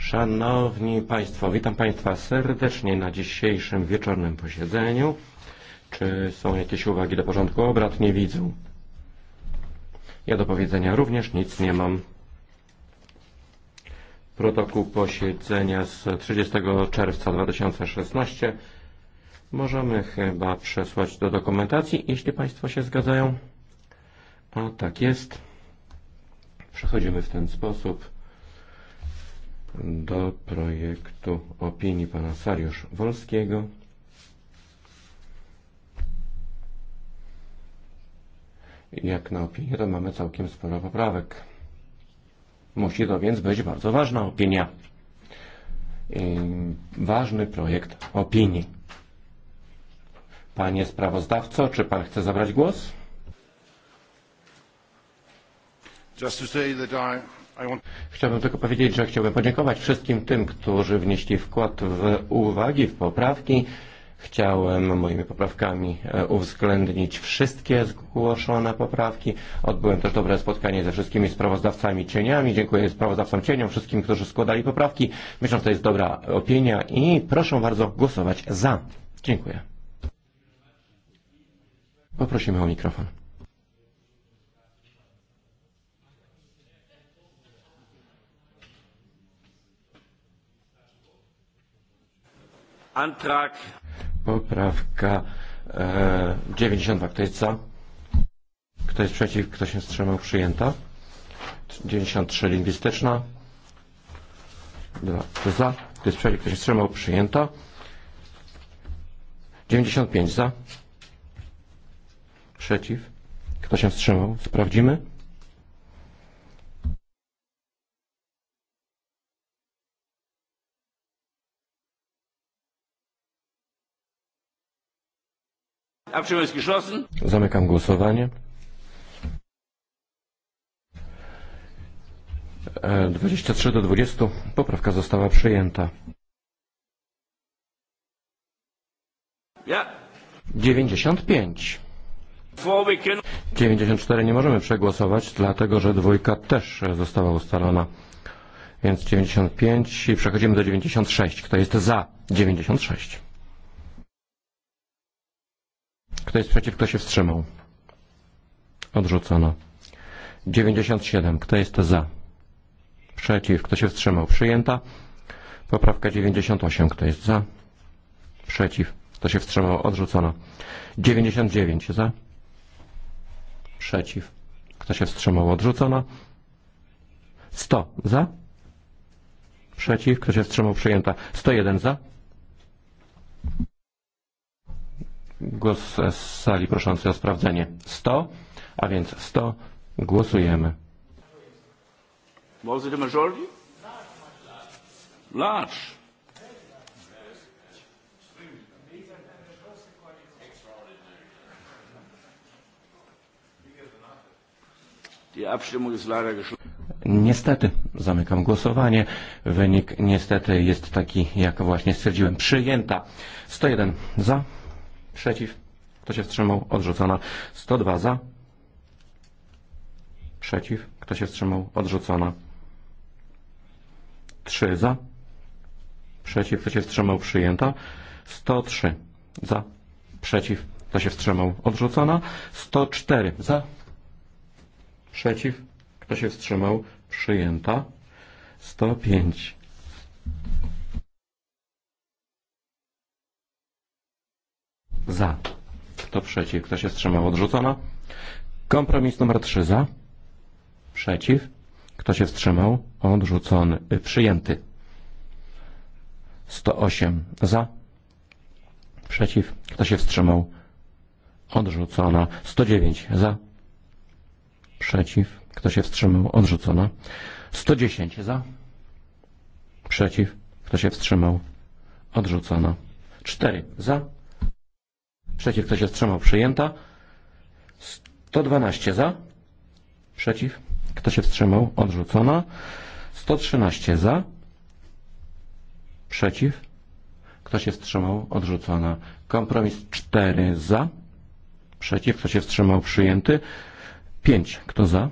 Szanowni Państwo, witam Państwa serdecznie na dzisiejszym wieczornym posiedzeniu. Czy są jakieś uwagi do porządku obrad? Nie widzę. Ja do powiedzenia również nic nie mam. Protokół posiedzenia z 30 czerwca 2016 możemy chyba przesłać do dokumentacji, jeśli Państwo się zgadzają. A tak jest. Przechodzimy w ten sposób do projektu opinii pana Sariusz Wolskiego. Jak na opinię, to mamy całkiem sporo poprawek. Musi to więc być bardzo ważna opinia. I ważny projekt opinii. Panie sprawozdawco, czy pan chce zabrać głos? Just to say that I Chciałbym tylko powiedzieć, że chciałbym podziękować wszystkim tym, którzy wnieśli wkład w uwagi, w poprawki. Chciałem moimi poprawkami e, uwzględnić wszystkie zgłoszone poprawki. Odbyłem też dobre spotkanie ze wszystkimi sprawozdawcami cieniami. Dziękuję sprawozdawcom cieniom, wszystkim, którzy składali poprawki. Myślę, że to jest dobra opinia i proszę bardzo głosować za. Dziękuję. Poprosimy o mikrofon. Antrag. Poprawka e, 92. Kto jest za? Kto jest przeciw? Kto się wstrzymał? Przyjęta. 93 lingwistyczna. 2. Kto jest za? Kto jest przeciw? Kto się wstrzymał? Przyjęta. 95 za. Przeciw. Kto się wstrzymał? Sprawdzimy. Abstimmung ist geschlossen. Zamykam głosowanie. 23 e, do 20. Poprawka została przyjęta. Ja. 95. 94 nie możemy przegłosować, dlatego że dwójka też została ustalona. Więc 95 i przechodzimy do 96. Kto jest za 96? Kto jest przeciw, no. kto się wstrzymał? Odrzucono. 97. Kto jest za? Przeciw. Kto się wstrzymał? Przyjęta. Poprawka 98. Kto jest no. za? Przeciw. Kto się wstrzymał? Odrzucono. 99. Za? Przeciw. Kto się wstrzymał? Odrzucono. 100. Za? Przeciw. Kto się wstrzymał? Przyjęta. 101. Za? Głos sali proszący o sprawdzenie. 100, a więc 100 głosujemy. Was it a majority? Large. Niestety, zamykam głosowanie. Wynik niestety jest taki, jak właśnie stwierdziłem, przyjęta. 101 za. Przeciw. Kto się wstrzymał? Odrzucona. 102 za. Przeciw. Kto się wstrzymał? Odrzucona. 3 za. Przeciw. Kto się wstrzymał? Przyjęta. 103 za. Przeciw. Kto się wstrzymał? Odrzucona. 104 za. Przeciw. Kto się wstrzymał? Przyjęta. 105 za. Kto przeciw? Kto się wstrzymał? Odrzucono. Kompromis numer 3 za. Przeciw. Kto się wstrzymał? Odrzucony. E, Przyjęty. 108 za. Przeciw. Kto się wstrzymał? Odrzucono. 109 za. Przeciw. Kto się wstrzymał? Odrzucono. 110 za. Przeciw. Kto się wstrzymał? Odrzucono. 4 za Przeciw, kto się wstrzymał? Przyjęta. 112 za. Przeciw, kto się wstrzymał? Odrzucona. 113 za. Przeciw, kto się wstrzymał? Odrzucona. Kompromis 4 za. Przeciw, kto się wstrzymał? Przyjęty. 5, kto za?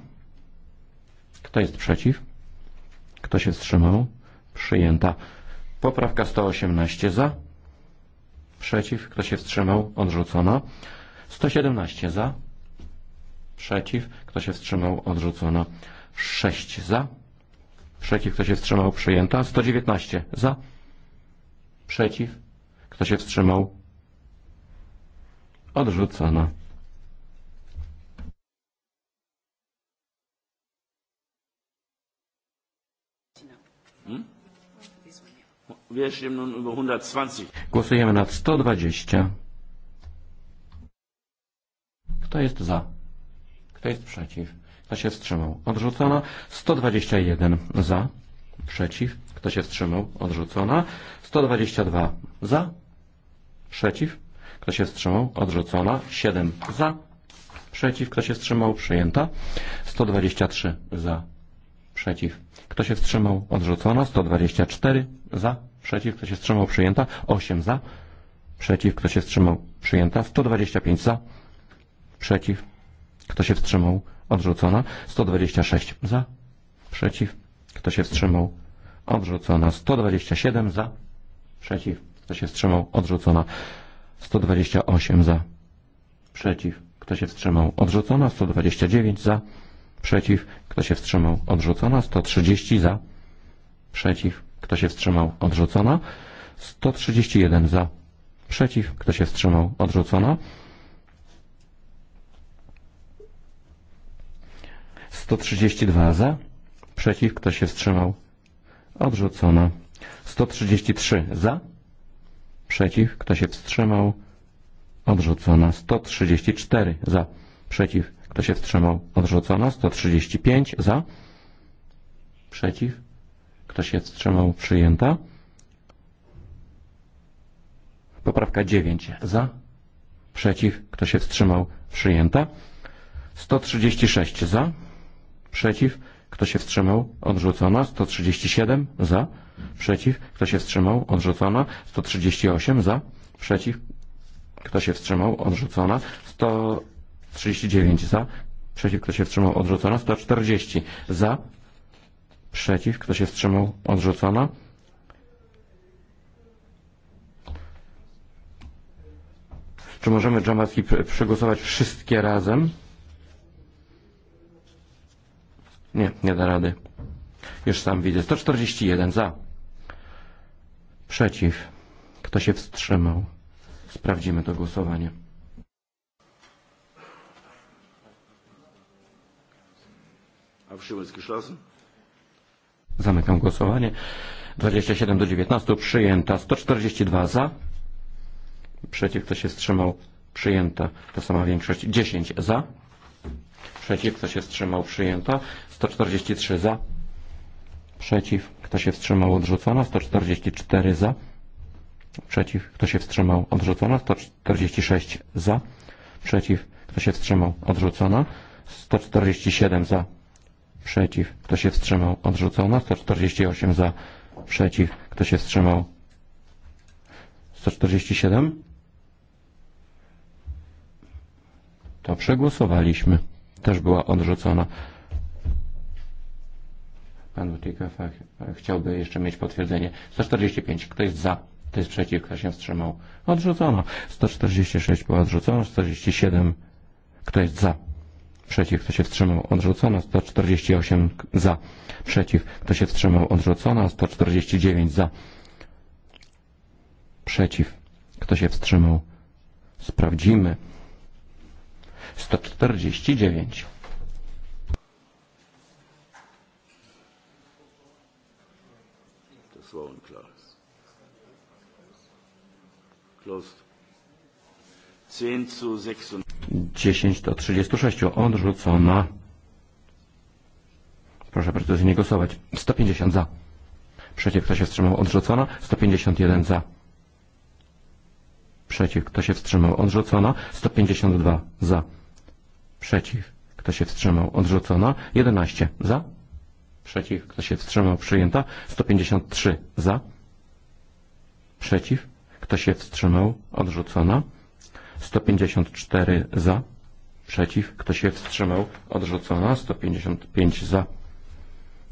Kto jest przeciw? Kto się wstrzymał? Przyjęta. Poprawka 118 za. Przeciw. Kto się wstrzymał? Odrzucono. 117 za. Przeciw. Kto się wstrzymał? Odrzucono. 6 za. Przeciw. Kto się wstrzymał? Przyjęta. 119 za. Przeciw. Kto się wstrzymał? Odrzucono. Głosujemy nad 120. Kto jest za? Kto jest przeciw? Kto się wstrzymał? Odrzucona. 121 za. Przeciw. Kto się wstrzymał? Odrzucona. 122 za. Przeciw. Kto się wstrzymał? Odrzucona. 7 za. Przeciw. Kto się wstrzymał? Przyjęta. 123 za. Przeciw. Kto się wstrzymał? Odrzucona. 124 za Przeciw. Kto się wstrzymał? Przyjęta. 8 za. Przeciw. Kto się wstrzymał? Przyjęta. 125 za. Przeciw. Kto się wstrzymał? Odrzucona. 126 za. Przeciw. Kto się wstrzymał? Odrzucona. 127 za. Przeciw. Kto się wstrzymał? Odrzucona. 128 za. Przeciw. Kto się wstrzymał? Odrzucona. 129 za. Przeciw. Kto się wstrzymał? Odrzucona. 130 za. Przeciw. Kto się wstrzymał? Odrzucono. 131 za. Przeciw. Kto się wstrzymał? Odrzucono. 132 za. Przeciw. Kto się wstrzymał? Odrzucono. 133 za. Przeciw. Kto się wstrzymał? Odrzucono. 134 za. Przeciw. Kto się wstrzymał? Odrzucono. 135 za. Przeciw. Kto się wstrzymał? Przyjęta. Poprawka 9. Za. Przeciw. Kto się wstrzymał? Przyjęta. 136 za. Przeciw. Kto się wstrzymał? Odrzucona. 137 za. Przeciw. Kto się wstrzymał? Odrzucona. 138 za. Przeciw. Kto się wstrzymał? Odrzucona. 139 za. Przeciw. Kto się wstrzymał? Odrzucona. 140 za Przeciw. Kto się wstrzymał? Odrzucono. Czy możemy Dżamacki przegłosować wszystkie razem? Nie, nie da rady. Już sam widzę. 141 za. Przeciw. Kto się wstrzymał? Sprawdzimy to głosowanie. A geschlossen? Zamykam głosowanie. 27 do 19 przyjęta. 142 za. Przeciw kto się wstrzymał? Przyjęta. Ta sama większość. 10 za. Przeciw kto się wstrzymał? Przyjęta. 143 za. Przeciw kto się wstrzymał? Odrzucona. 144 za. Przeciw kto się wstrzymał? Odrzucona. 146 za. Przeciw kto się wstrzymał? Odrzucona. 147 za przeciw, kto się wstrzymał, odrzucona, 148 za, przeciw, kto się wstrzymał, 147. To przegłosowaliśmy, też była odrzucona. Pan Utikow chciałby jeszcze mieć potwierdzenie. 145, kto jest za, kto jest przeciw, kto się wstrzymał, odrzucono. 146 była odrzucona, 147, kto jest za, przeciw, kto się wstrzymał, odrzucono, 148 za, przeciw, kto się wstrzymał, odrzucono, 149 za, przeciw, kto się wstrzymał, sprawdzimy, 149. Das war unklar. Closed. 10 zu 6. 10 do 36 odrzucona. Proszę bardzo niej głosować. 150 za. Przeciw, kto się wstrzymał, Odrzucona. 151 za. Przeciw, kto się wstrzymał, odrzucona. 152 za. Przeciw, kto się wstrzymał, Odrzucona. 11 za. Przeciw, kto się wstrzymał, przyjęta. 153 za. Przeciw, kto się wstrzymał, odrzucona. 154 za, przeciw, kto się wstrzymał, odrzucono, 155 za,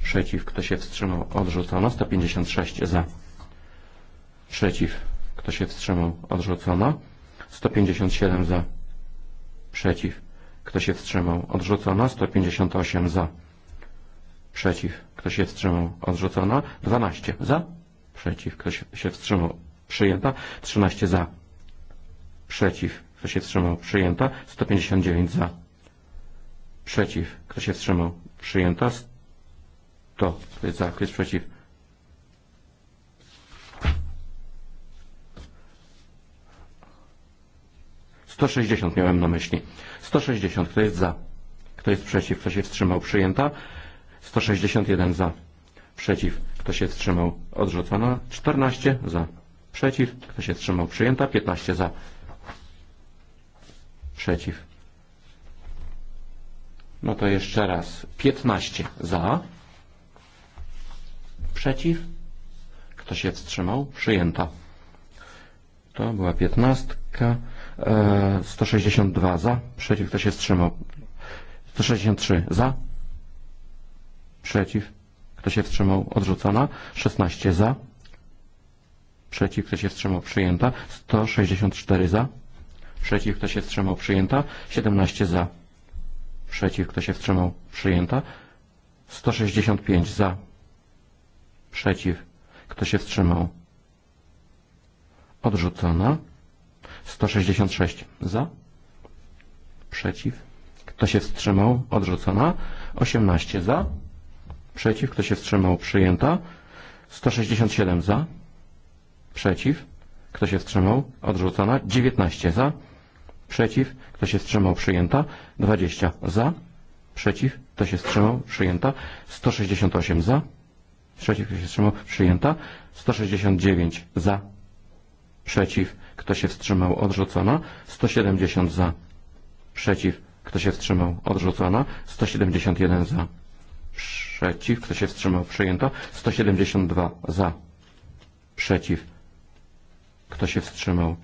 przeciw, kto się wstrzymał, odrzucono, 156 za, przeciw, kto się wstrzymał, odrzucono, 157 za, przeciw, kto się wstrzymał, odrzucono, 158 za, przeciw, kto się wstrzymał, odrzucono, 12 za, przeciw, kto się wstrzymał, przyjęta, 13 za, Przeciw. Kto się wstrzymał? Przyjęta. 159 za. Przeciw. Kto się wstrzymał? Przyjęta. 100. Kto jest za? Kto jest przeciw? Sto sześćdziesiąt miałem na myśli. Sto sześćdziesiąt. Kto jest za? Kto jest przeciw? Kto się wstrzymał? Przyjęta. Sto sześćdziesiąt jeden za. Przeciw. Kto się wstrzymał? Odrzucona. czternaście za. Przeciw. Kto się wstrzymał? Przyjęta. piętnaście za przeciw. No to jeszcze raz. 15 za, przeciw, kto się wstrzymał, przyjęta. To była 15. 162 e, za, przeciw, kto się wstrzymał, 163 za, przeciw, kto się wstrzymał, odrzucona, 16 za, przeciw, kto się wstrzymał, przyjęta, 164 za, Przeciw. Kto się wstrzymał? Przyjęta. 17 za. Przeciw. Kto się wstrzymał? Przyjęta. 165 za. Przeciw. Kto się wstrzymał? Odrzucona. 166 za. Przeciw. Kto się wstrzymał? Odrzucona. 18 za. Przeciw. Kto się wstrzymał? Przyjęta. 167 za. Przeciw. Kto się wstrzymał? Odrzucona. 19 za przeciw, kto się wstrzymał, przyjęta. 20 za, przeciw, kto się wstrzymał, przyjęta. 168 za, przeciw, kto się wstrzymał, przyjęta. 169 za, przeciw, kto się wstrzymał, odrzucona. 170 za, przeciw, kto się wstrzymał, odrzucona. 171 za, przeciw, kto się wstrzymał, przyjęta. 172 za, przeciw, kto się wstrzymał,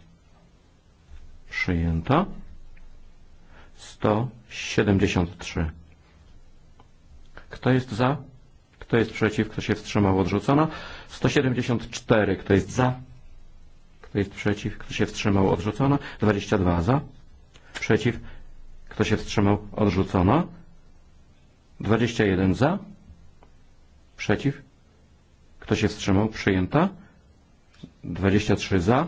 Przyjęto. 173. Kto jest za? Kto jest przeciw? Kto się wstrzymał? Odrzucono. 174. Kto jest za? Kto jest przeciw? Kto się wstrzymał? Odrzucono. 22 za. Przeciw. Kto się wstrzymał? Odrzucono. 21 za. Przeciw. Kto się wstrzymał? Przyjęta. 23 za.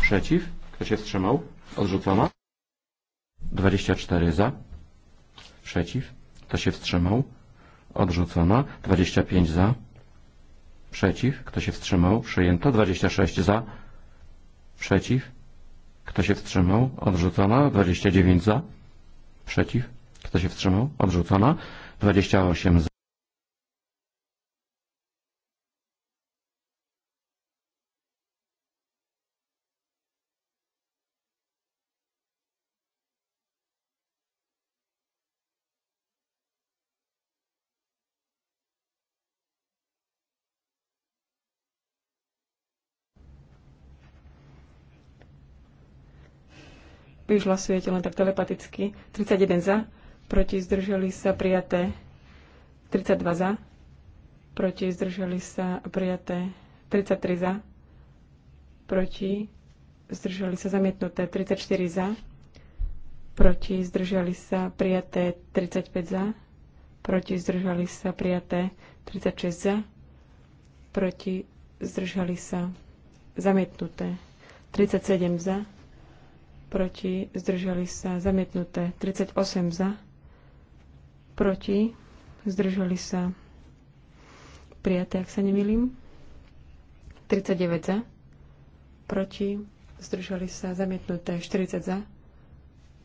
Przeciw. Kto się wstrzymał? Odrzucono. 24 za. Przeciw. Kto się wstrzymał? Odrzucono. 25 za. Przeciw. Kto się wstrzymał? Przyjęto. 26 za. Przeciw. Kto się wstrzymał? Odrzucono. 29 za. Przeciw. Kto się wstrzymał? Odrzucono. 28 za. Vy už hlasujete len tak telepaticky. 31 za, proti zdržali sa prijaté 32 za, proti zdržali sa prijaté 33 za, proti zdržali sa zamietnuté 34 za, proti zdržali sa prijaté 35 za, proti zdržali sa prijaté 36 za, proti zdržali sa zamietnuté 37 za, proti, zdržali sa zamietnuté 38 za, proti, zdržali sa prijaté, ak sa nemýlim, 39 za, proti, zdržali sa zamietnuté 40 za,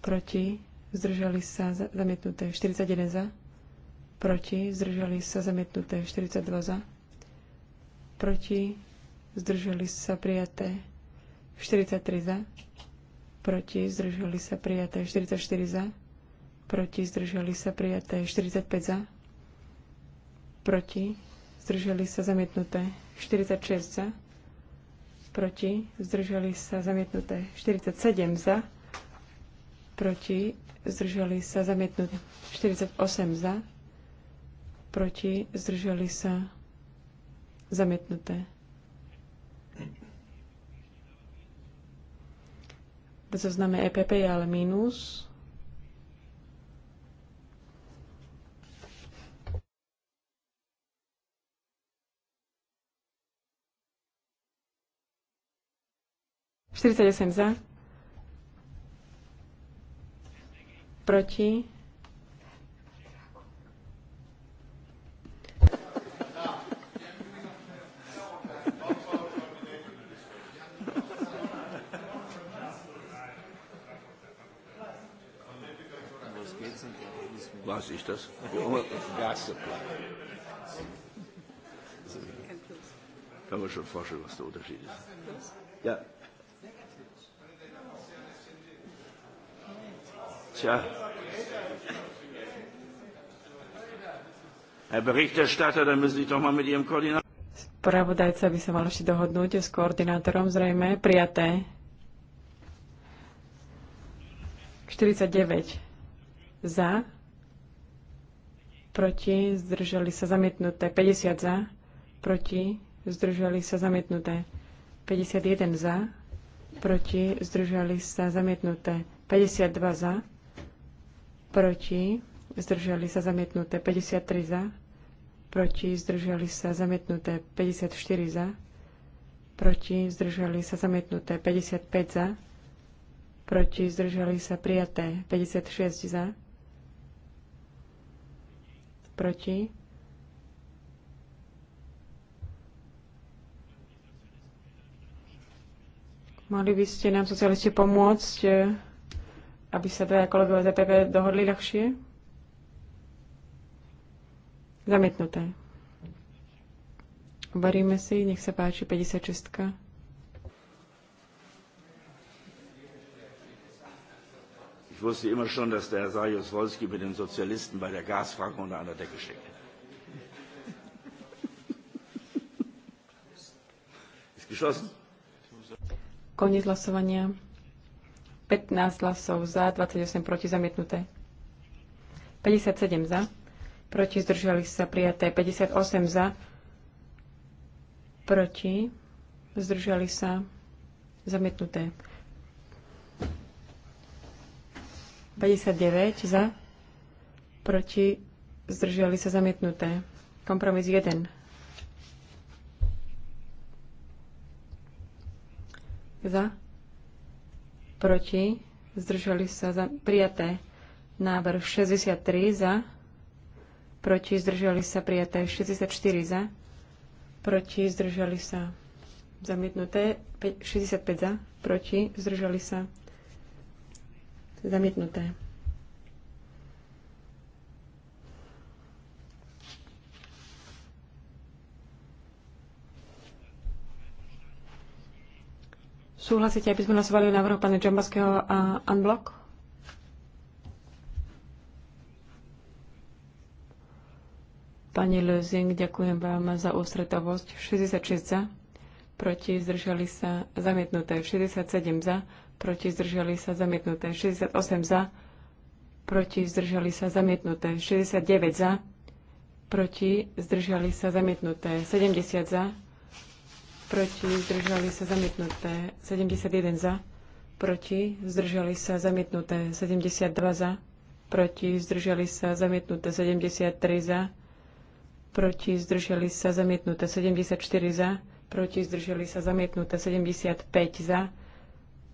proti, zdržali sa zamietnuté 41 za, proti, zdržali sa zamietnuté 42 za, proti, zdržali sa prijaté 43 za, proti zdržali sa prijaté 44 za, proti zdržali sa prijaté 45 za, proti zdržali sa zamietnuté 46 za, proti zdržali sa zamietnuté 47 za, proti zdržali sa zamietnuté 48 za, proti zdržali sa zamietnuté V zozname EPP je ale mínus. Štyridsať za. Proti. Was ist das? Masterplan. Kann man schon vorstellen, was der Unterschied ist. Ja. Tja. Herr Berichterstatter, dann müssen Sie doch mal mit Ihrem Koordinator. Spravodajca by sa mal ešte dohodnúť s koordinátorom, zrejme prijaté. 49 za, proti, zdržali sa zamietnuté 50 za, proti, zdržali sa zamietnuté 51 za, proti, zdržali sa zamietnuté 52 za, proti, zdržali sa zamietnuté 53 za, proti, zdržali sa zamietnuté 54 za, proti, zdržali sa zamietnuté 55 za, proti, zdržali sa prijaté 56 za, proti, Mohli by ste nám socialisti pomôcť, eh, aby sa teda kolegové z EPP dohodli ľahšie? Zamietnuté. Uvaríme si, nech sa páči 56. Ich wusste immer schon, dass der Herr Sajus Wolski mit den Sozialisten bei der Gasfrage unter einer Decke steckt. Ist geschlossen. Koniec hlasovania. 15 hlasov za, 28 proti zamietnuté. 57 za, proti zdržali sa prijaté. 58 za, proti zdržali sa zamietnuté. 59 za, proti, zdržali sa zamietnuté. Kompromis 1. Za, proti, zdržali sa za, prijaté. Návrh 63 za, proti, zdržali sa prijaté. 64 za, proti, zdržali sa zamietnuté. 65 za, proti, zdržali sa Zamietnuté. Súhlasíte, aby sme hlasovali o návrhu pána Džambaského a Unblock? Pani Lezing, ďakujem vám za ústretovosť. 66 za, proti zdržali sa zamietnuté 67 za, proti zdržali sa zamietnuté, 68 za, proti zdržali sa zamietnuté, 69 za, proti zdržali sa zamietnuté, 70 za, proti zdržali sa zamietnuté, 71 za, proti zdržali sa zamietnuté, 72 za, proti zdržali sa zamietnuté, 73 za, proti zdržali sa zamietnuté, 74 za, proti zdržali sa zamietnuté, 75 za,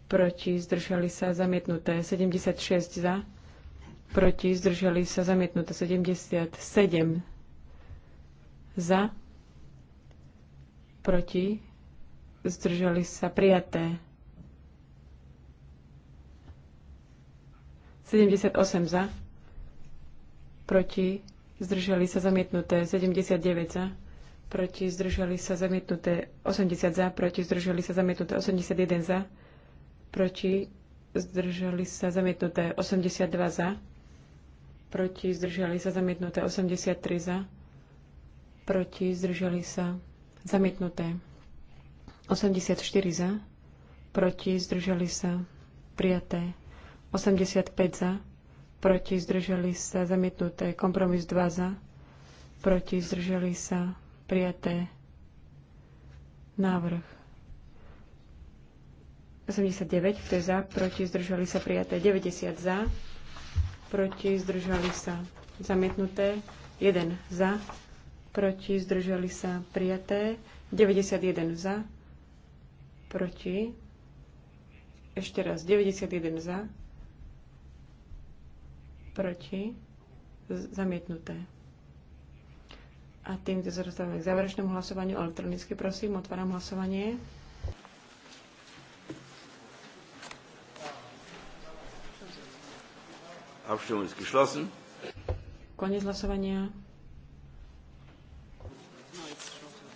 proti zdržali sa zamietnuté 76 za, proti zdržali sa zamietnuté 77 za, proti zdržali sa prijaté 78 za, proti zdržali sa zamietnuté 79 za, proti zdržali sa zamietnuté 80 za, proti zdržali sa zamietnuté 81 za, proti, zdržali sa zamietnuté 82 za, proti, zdržali sa zamietnuté 83 za, proti, zdržali sa zamietnuté 84 za, proti, zdržali sa prijaté 85 za, proti, zdržali sa zamietnuté kompromis 2 za, proti, zdržali sa prijaté návrh 89, kto je za, proti, zdržali sa prijaté. 90 za, proti, zdržali sa zamietnuté. 1 za, proti, zdržali sa prijaté. 91 za, proti. Ešte raz, 91 za, proti, zamietnuté. A týmto sa dostávame k záverečnému hlasovaniu elektronicky. Prosím, otváram hlasovanie. Abstimmung ist geschlossen. Koniec hlasovania.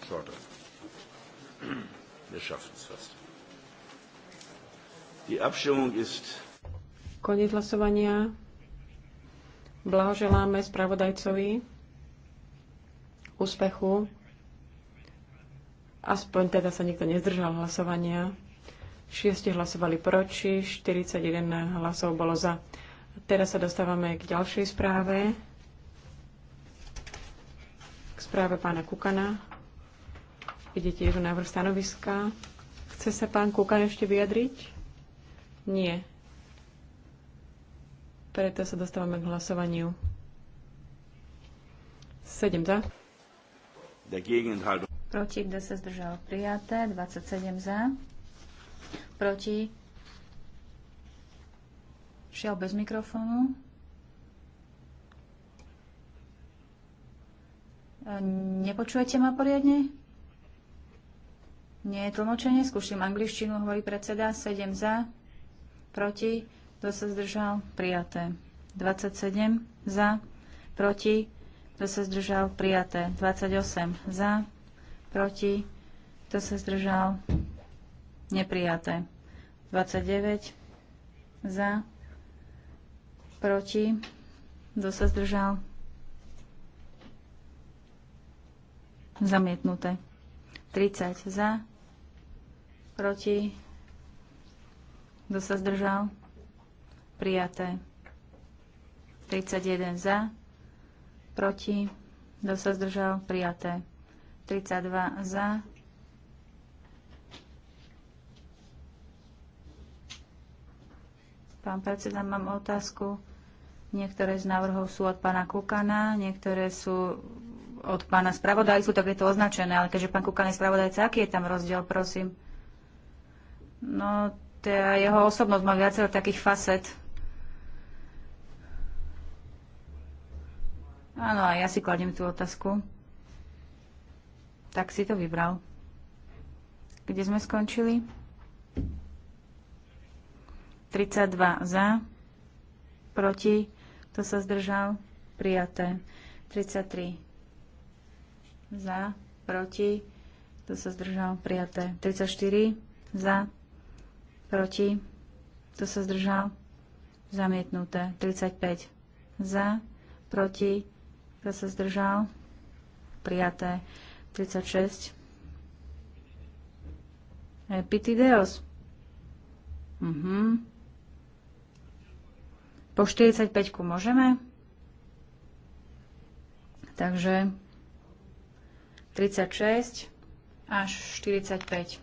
Schade. Wir schaffen es fast. Die Abstimmung ist... Koniec hlasovania. Blahoželáme spravodajcovi úspechu. Aspoň teda sa nikto nezdržal hlasovania. Šiesti hlasovali proti, 41 hlasov bolo za. Teraz sa dostávame k ďalšej správe. K správe pána Kukana. Vidíte, je tu návrh stanoviska. Chce sa pán Kukan ešte vyjadriť? Nie. Preto sa dostávame k hlasovaniu. 7 za. Proti, kto sa zdržal? Prijaté. 27 za. Proti, šiel bez mikrofónu. E, nepočujete ma poriadne? Nie je tlmočenie, skúšam angličtinu, hovorí predseda, 7 za, proti, kto sa zdržal, prijaté. 27 za, proti, kto sa zdržal, prijaté. 28 za, proti, kto sa zdržal, neprijaté. 29 za, Proti? Kto sa zdržal? Zamietnuté. 30 za. Proti? Kto sa zdržal? Prijaté. 31 za. Proti? Kto sa zdržal? Prijaté. 32 za. Pán predseda, mám otázku Niektoré z návrhov sú od pána Kukana, niektoré sú od pána spravodajcu, tak je to označené, ale keďže pán Kukan je spravodajca, aký je tam rozdiel, prosím? No, teda jeho osobnosť má viacero takých facet. Áno, a ja si kladiem tú otázku. Tak si to vybral. Kde sme skončili? 32 za, proti kto sa zdržal? Prijaté. 33 za, proti. Kto sa zdržal? Prijaté. 34 za, proti. Kto sa zdržal? Zamietnuté. 35 za, proti. Kto sa zdržal? Prijaté. 36 Epitideos. Mhm. Po 45 môžeme. Takže 36 až 45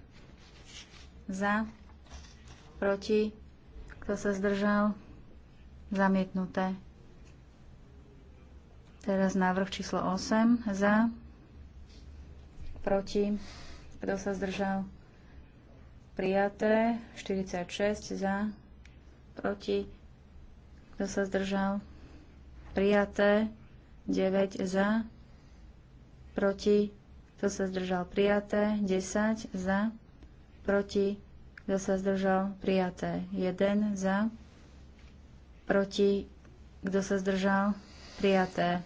za, proti, kto sa zdržal, zamietnuté. Teraz návrh číslo 8 za, proti, kto sa zdržal, prijaté, 46 za, proti, kto sa zdržal? Prijaté. 9 za. Proti. Kto sa zdržal? Prijaté. 10 za. Proti. Kto sa zdržal? Prijaté. 1 za. Proti. Kto sa zdržal? Prijaté.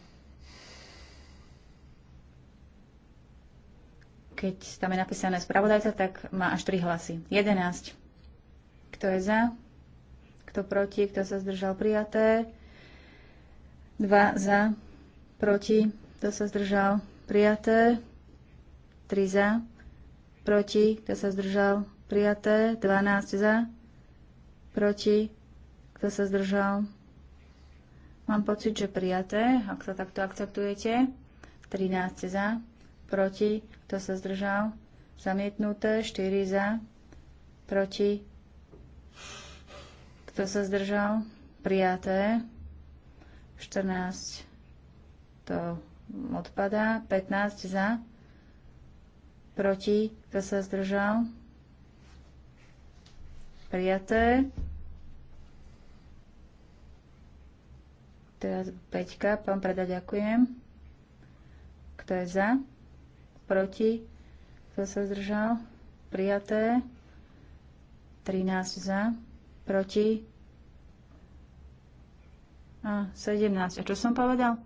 Keď tam je napísané spravodajca, tak má až 3 hlasy. 11. Kto je za? Kto proti? Kto sa zdržal? Prijaté. 2 za. Proti. Kto sa zdržal? Prijaté. 3 za. Proti. Kto sa zdržal? Prijaté. 12 za. Proti. Kto sa zdržal? Mám pocit, že prijaté, ak sa takto akceptujete. 13 za. Proti. Kto sa zdržal? Zamietnuté. 4 za. Proti. Kto sa zdržal? Prijaté. 14 to odpadá. 15 za. Proti. Kto sa zdržal? Prijaté. Teraz 5. Pán preda, ďakujem. Kto je za? Proti. Kto sa zdržal? Prijaté. 13 za proti a 17. A čo som povedal?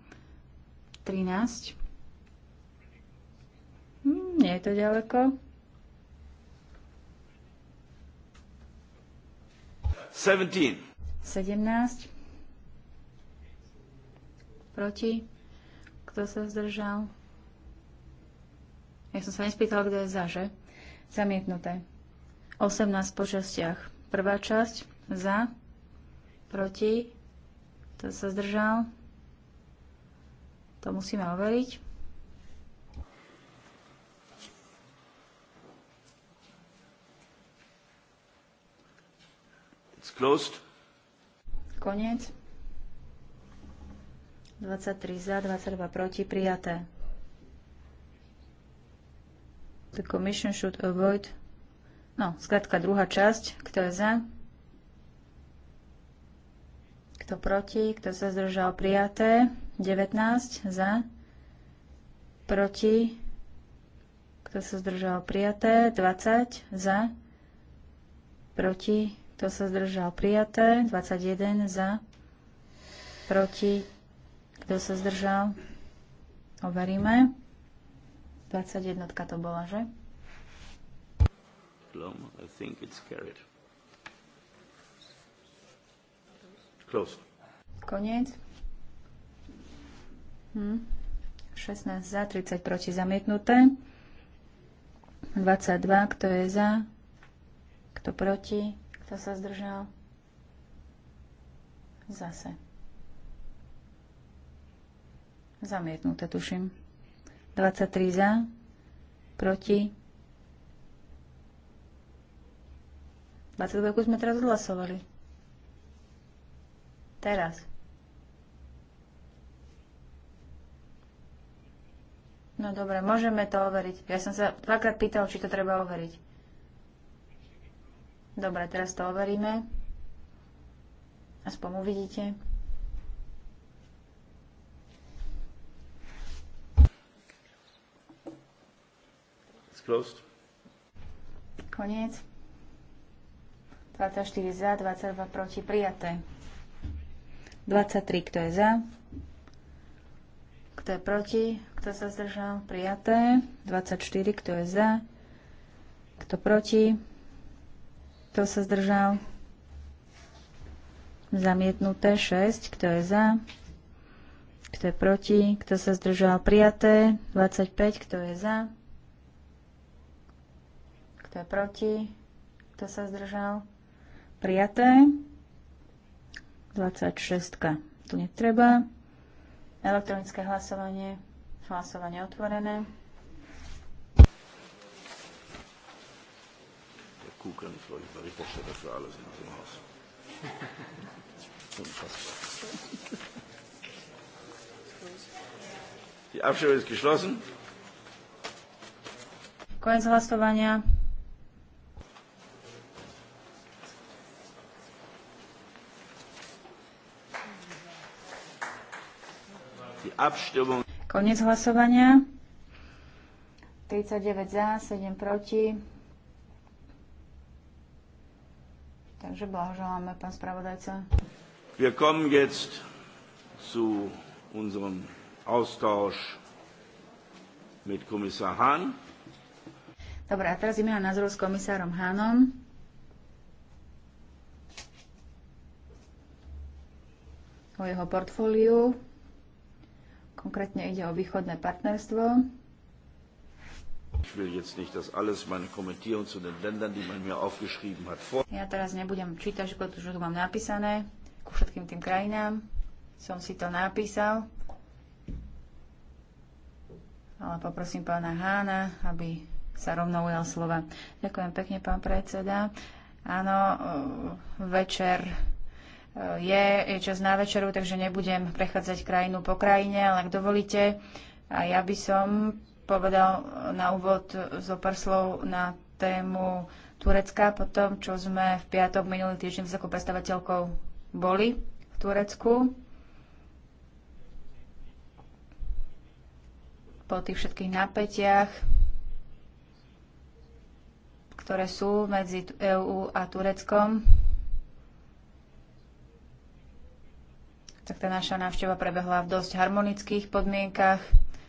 13. Hm, nie je to ďaleko. Seventeen. 17. Proti. Kto sa zdržal? Ja som sa nespýtal, kto je za, že? Zamietnuté. 18 po častiach. Prvá časť za, proti, to sa zdržal. To musíme overiť. It's closed. Koniec. 23 za, 22 proti, prijaté. The Commission should avoid No, skrátka druhá časť, kto je za, kto proti, kto sa zdržal prijaté, 19 za, proti, kto sa zdržal prijaté, 20 za, proti, kto sa zdržal prijaté, 21 za, proti, kto sa zdržal, overíme, 21 to bola, že? Blum. I think it's carried. Close. Koniec. Hm. 16 za, 30 proti zamietnuté. 22, kto je za, kto proti, kto sa zdržal. Zase. Zamietnuté, tuším. 23 za, proti, 22 sme teraz odhlasovali. Teraz. No dobre, môžeme to overiť. Ja som sa dvakrát pýtal, či to treba overiť. Dobre, teraz to overíme. Aspoň uvidíte. It's closed. Koniec. 24 za, 22 proti, prijaté. 23, kto je za, kto je proti, kto sa zdržal, prijaté. 24, kto je za, kto proti, kto sa zdržal, zamietnuté. 6, kto je za, kto je proti, kto sa zdržal, prijaté. 25, kto je za, kto je proti, kto sa zdržal, prijaté prijaté. 26. Tu netreba. Elektronické hlasovanie. Hlasovanie otvorené. Die Abstimmung ist geschlossen. Koniec hlasovania. Konec hlasovania. 39 za, 7 proti. Takže blahoželáme, pán spravodajca. Wir kommen jetzt zu unserem Austausch mit Kommissar Hahn. Dobre, a teraz imena názor s komisárom Hánom. O jeho portfóliu Konkrétne ide o východné partnerstvo. Ja teraz nebudem čítať, pretože to mám napísané ku všetkým tým krajinám. Som si to napísal. Ale poprosím pána Hána, aby sa rovno ujal slova. Ďakujem pekne, pán predseda. Áno, večer je, je čas na večeru, takže nebudem prechádzať krajinu po krajine, ale ak dovolíte, a ja by som povedal na úvod zo pár slov na tému Turecka po tom, čo sme v piatok minulý týždeň s ako predstavateľkou boli v Turecku. Po tých všetkých napätiach, ktoré sú medzi EÚ a Tureckom, tak tá naša návšteva prebehla v dosť harmonických podmienkach.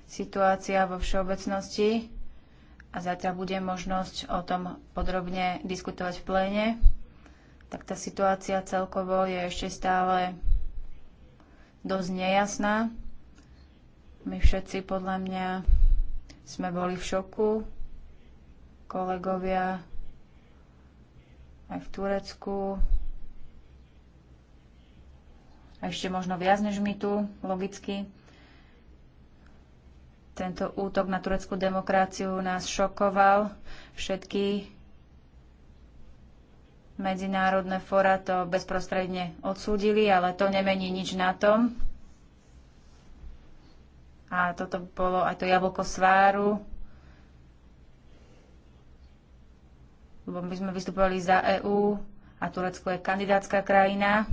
Situácia vo všeobecnosti a zatiaľ bude možnosť o tom podrobne diskutovať v pléne, tak tá situácia celkovo je ešte stále dosť nejasná. My všetci podľa mňa sme boli v šoku, kolegovia aj v Turecku, ešte možno viac než my tu, logicky. Tento útok na tureckú demokraciu nás šokoval. Všetky medzinárodné fora to bezprostredne odsúdili, ale to nemení nič na tom. A toto bolo aj to jablko sváru, lebo my sme vystupovali za EÚ a Turecko je kandidátska krajina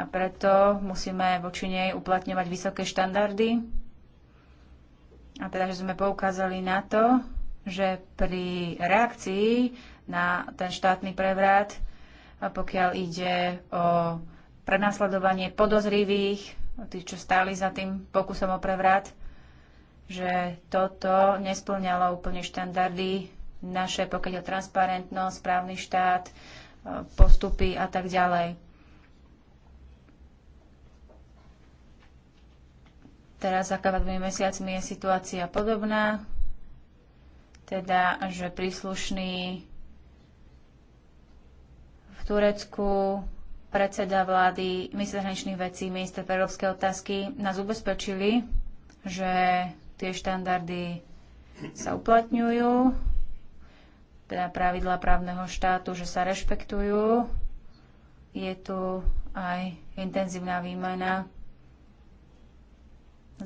a preto musíme voči nej uplatňovať vysoké štandardy. A teda, že sme poukázali na to, že pri reakcii na ten štátny prevrat, pokiaľ ide o prenasledovanie podozrivých, tých, čo stáli za tým pokusom o prevrat, že toto nesplňalo úplne štandardy naše, pokiaľ o transparentnosť, právny štát, postupy a tak ďalej. Teraz za dvomi mesiacmi je situácia podobná, teda, že príslušný v Turecku predseda vlády, minister zahraničných vecí, minister pre európske otázky nás ubezpečili, že tie štandardy sa uplatňujú, teda pravidla právneho štátu, že sa rešpektujú. Je tu aj intenzívna výmena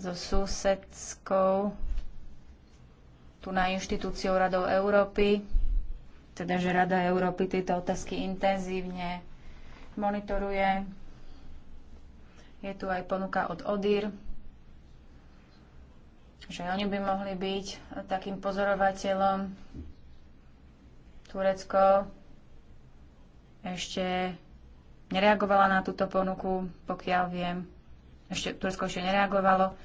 so susedskou tu na inštitúciou Radou Európy, teda že Rada Európy tieto otázky intenzívne monitoruje. Je tu aj ponuka od ODIR, že oni by mohli byť takým pozorovateľom. Turecko ešte nereagovala na túto ponuku, pokiaľ viem ešte, Tursko ešte nereagovalo.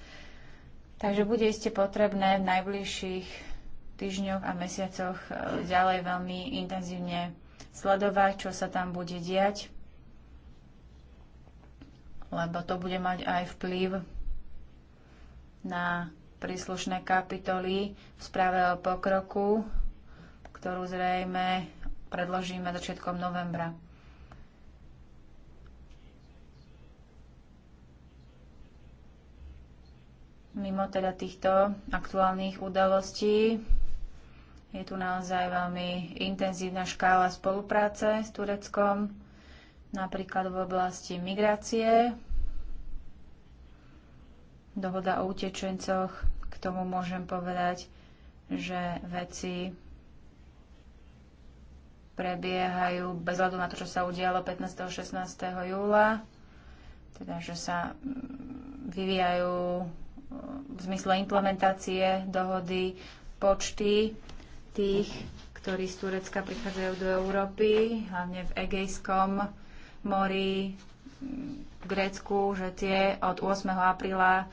Takže bude iste potrebné v najbližších týždňoch a mesiacoch e, ďalej veľmi intenzívne sledovať, čo sa tam bude diať, lebo to bude mať aj vplyv na príslušné kapitoly v správe o pokroku, ktorú zrejme predložíme začiatkom novembra. Mimo teda týchto aktuálnych udalostí je tu naozaj veľmi intenzívna škála spolupráce s Tureckom, napríklad v oblasti migrácie, dohoda o utečencoch, k tomu môžem povedať, že veci prebiehajú bez hľadu na to, čo sa udialo 15. 16. júla, teda že sa vyvíjajú v zmysle implementácie dohody počty tých, ktorí z Turecka prichádzajú do Európy, hlavne v Egejskom mori, v Grécku, že tie od 8. apríla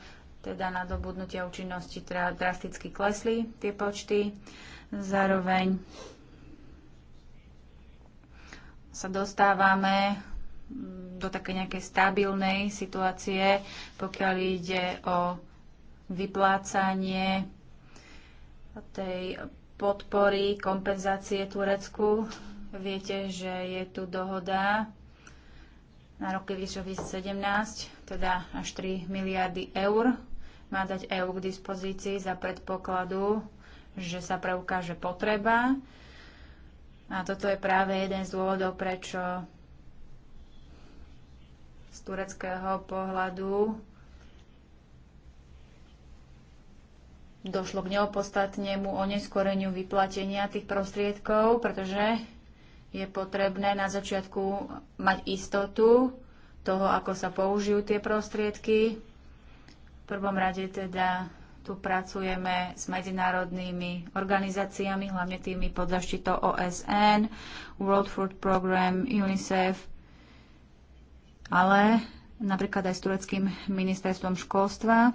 teda na dobudnutia účinnosti teda drasticky klesli tie počty. Zároveň sa dostávame do také nejakej stabilnej situácie, pokiaľ ide o vyplácanie tej podpory, kompenzácie Turecku. Viete, že je tu dohoda na roky 2017, teda až 3 miliardy eur má dať EU k dispozícii za predpokladu, že sa preukáže potreba. A toto je práve jeden z dôvodov, prečo z tureckého pohľadu došlo k neopodstatnému oneskoreniu vyplatenia tých prostriedkov, pretože je potrebné na začiatku mať istotu toho, ako sa použijú tie prostriedky. V prvom rade teda tu pracujeme s medzinárodnými organizáciami, hlavne tými pod zaštitou OSN, World Food Program, UNICEF, ale napríklad aj s tureckým ministerstvom školstva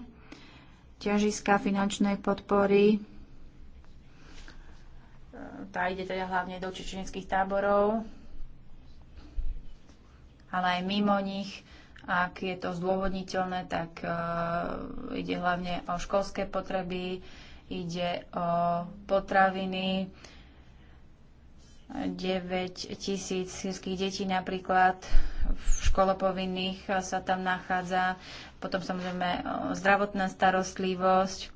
ťažiska finančnej podpory. Tá ide teda hlavne do čečenských táborov, ale aj mimo nich. Ak je to zdôvodniteľné, tak uh, ide hlavne o školské potreby, ide o potraviny, 9 tisíc sírských detí napríklad v škole povinných sa tam nachádza. Potom samozrejme zdravotná starostlivosť.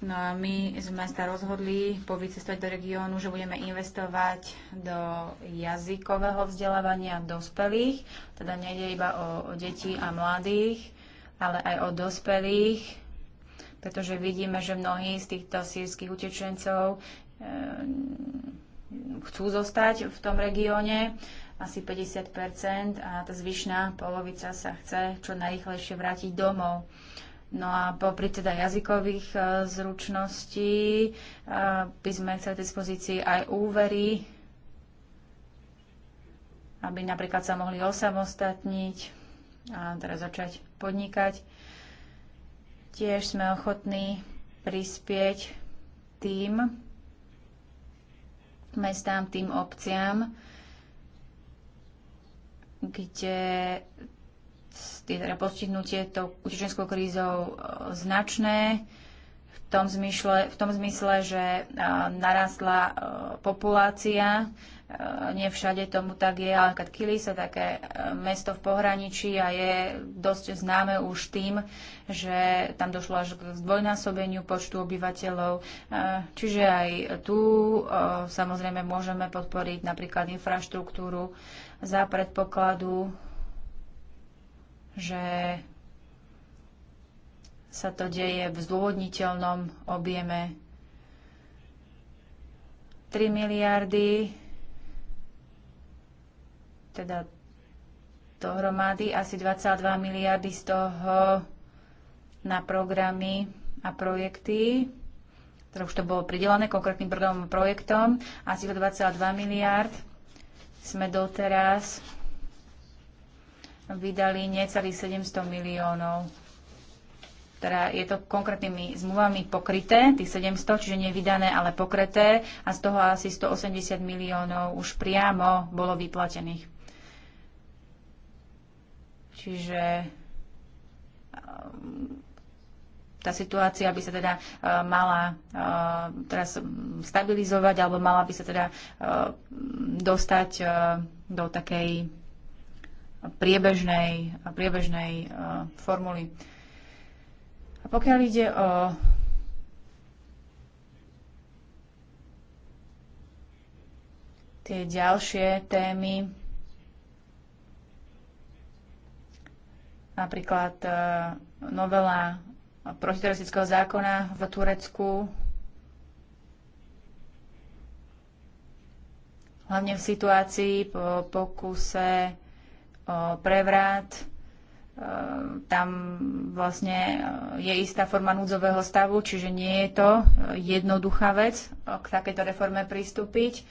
No a my sme sa rozhodli po vycestovať do regiónu, že budeme investovať do jazykového vzdelávania dospelých. Teda nejde iba o, o deti a mladých, ale aj o dospelých, pretože vidíme, že mnohí z týchto sírskych utečencov E, chcú zostať v tom regióne, asi 50 a tá zvyšná polovica sa chce čo najrychlejšie vrátiť domov. No a popri teda jazykových e, zručností e, by sme chceli k dispozícii aj úvery, aby napríklad sa mohli osamostatniť a teraz začať podnikať. Tiež sme ochotní prispieť tým, mestám, tým obciam, kde je teda postihnutie tou utečenskou krízou e, značné v tom, zmyšle, v tom zmysle, že e, narastla e, populácia E, nie všade tomu tak je, ale keď Kilis také e, mesto v pohraničí a je dosť známe už tým, že tam došlo až k zdvojnásobeniu počtu obyvateľov. E, čiže aj tu samozrejme môžeme podporiť napríklad infraštruktúru za predpokladu, že sa to deje v zdôvodniteľnom objeme 3 miliardy teda dohromady asi 22 miliardy z toho na programy a projekty, ktoré už to bolo pridelené konkrétnym programom a projektom, asi 22 miliard sme doteraz vydali necelých 700 miliónov. Teda je to konkrétnymi zmluvami pokryté, tých 700, čiže nevydané, ale pokryté a z toho asi 180 miliónov už priamo bolo vyplatených. Čiže um, tá situácia by sa teda uh, mala uh, teraz stabilizovať alebo mala by sa teda uh, dostať do takej priebežnej, priebežnej formuly. A pokiaľ ide o tie ďalšie témy, Napríklad e, novela protiteroristického zákona v Turecku, hlavne v situácii po pokuse o prevrat, e, tam vlastne e, je istá forma núdzového stavu, čiže nie je to jednoduchá vec k takejto reforme pristúpiť.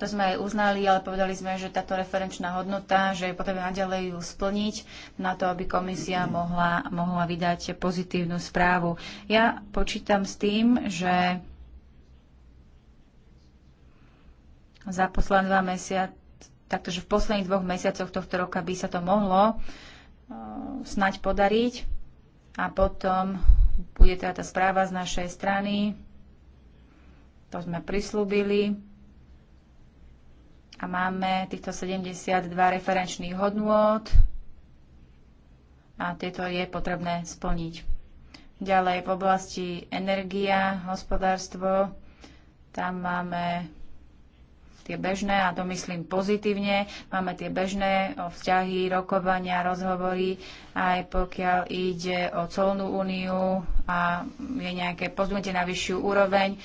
To sme aj uznali, ale povedali sme, že táto referenčná hodnota, že je potrebné naďalej ju splniť na to, aby komisia mohla, mohla vydať pozitívnu správu. Ja počítam s tým, že za posledné dva mesiace, takže v posledných dvoch mesiacoch tohto roka by sa to mohlo uh, snať podariť a potom bude teda tá správa z našej strany. To sme prislúbili a máme týchto 72 referenčných hodnôt a tieto je potrebné splniť. Ďalej v oblasti energia, hospodárstvo, tam máme tie bežné, a to myslím pozitívne, máme tie bežné o vzťahy, rokovania, rozhovory, aj pokiaľ ide o colnú úniu a je nejaké pozvnutie na vyššiu úroveň.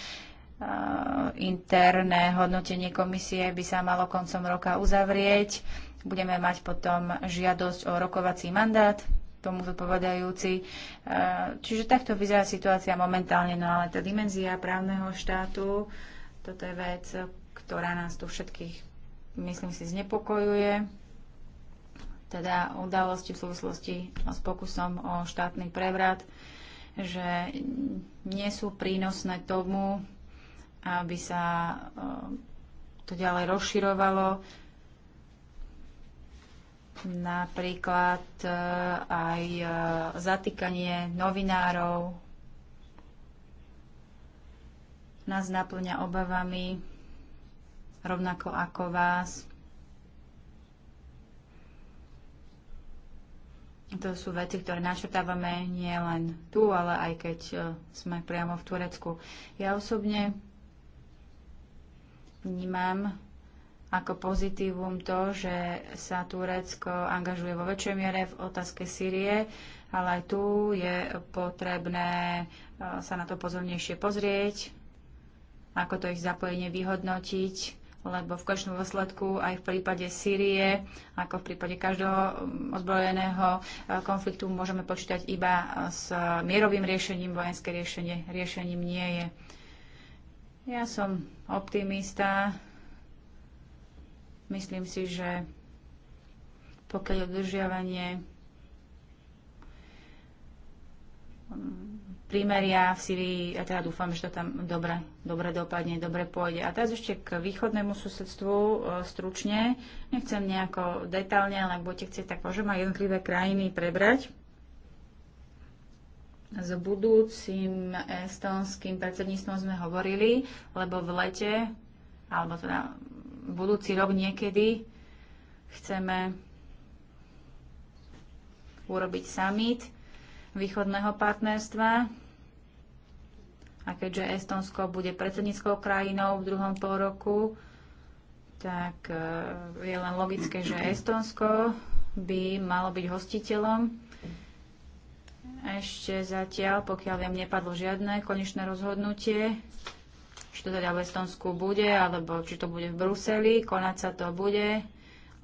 Eh, interné hodnotenie komisie by sa malo koncom roka uzavrieť. Budeme mať potom žiadosť o rokovací mandát tomu zodpovedajúci. Eh, čiže takto vyzerá situácia momentálne, no ale tá dimenzia právneho štátu, toto je vec, ktorá nás tu všetkých, myslím si, znepokojuje. Teda udalosti v súvislosti no, s pokusom o štátny prevrat, že nie sú prínosné tomu, aby sa e, to ďalej rozširovalo. Napríklad e, aj e, zatýkanie novinárov nás naplňa obavami, rovnako ako vás. To sú veci, ktoré našetávame len tu, ale aj keď sme priamo v Turecku. Ja osobne vnímam ako pozitívum to, že sa Turecko angažuje vo väčšej miere v otázke Sýrie, ale aj tu je potrebné e, sa na to pozornejšie pozrieť, ako to ich zapojenie vyhodnotiť, lebo v končnom dôsledku aj v prípade Sýrie, ako v prípade každého ozbrojeného e, konfliktu, môžeme počítať iba s mierovým riešením, vojenské riešenie riešením nie je. Ja som optimista. Myslím si, že pokiaľ udržiavanie um, prímeria v Syrii, a teda dúfam, že to tam dobre, dobre dopadne, dobre pôjde. A teraz ešte k východnému susedstvu uh, stručne. Nechcem nejako detálne, ale ak budete chcieť, tak môžem aj jednotlivé krajiny prebrať. S budúcim estonským predsedníctvom sme hovorili, lebo v lete, alebo teda budúci rok niekedy, chceme urobiť summit východného partnerstva. A keďže Estonsko bude predsedníckou krajinou v druhom pol roku, tak eh, je len logické, že Estonsko by malo byť hostiteľom ešte zatiaľ, pokiaľ viem, nepadlo žiadne konečné rozhodnutie, či to teda v Estonsku bude, alebo či to bude v Bruseli, konať sa to bude,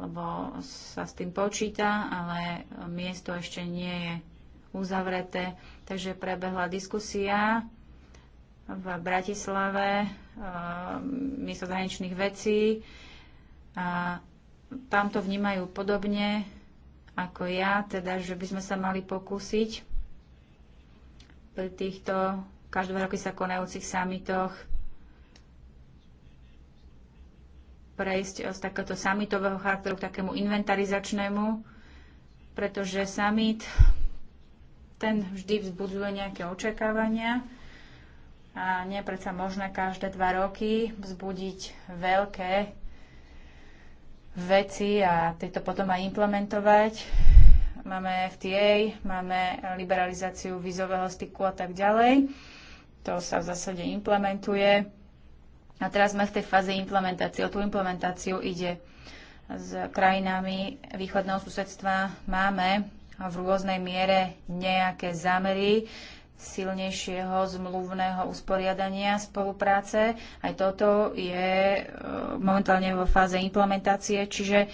lebo sa s tým počíta, ale miesto ešte nie je uzavreté. Takže prebehla diskusia v Bratislave, eh, miesto zahraničných vecí. A tam to vnímajú podobne ako ja, teda, že by sme sa mali pokúsiť pri týchto každé roky sa konajúcich samitoch prejsť z takéto samitového charakteru k takému inventarizačnému, pretože Samit ten vždy vzbudzuje nejaké očakávania a nie je predsa možné každé dva roky vzbudiť veľké veci a tieto potom aj implementovať máme FTA, máme liberalizáciu vízového styku a tak ďalej. To sa v zásade implementuje. A teraz sme v tej fáze implementácie. O tú implementáciu ide s krajinami východného susedstva. Máme v rôznej miere nejaké zámery silnejšieho zmluvného usporiadania spolupráce. Aj toto je e, momentálne vo fáze implementácie, čiže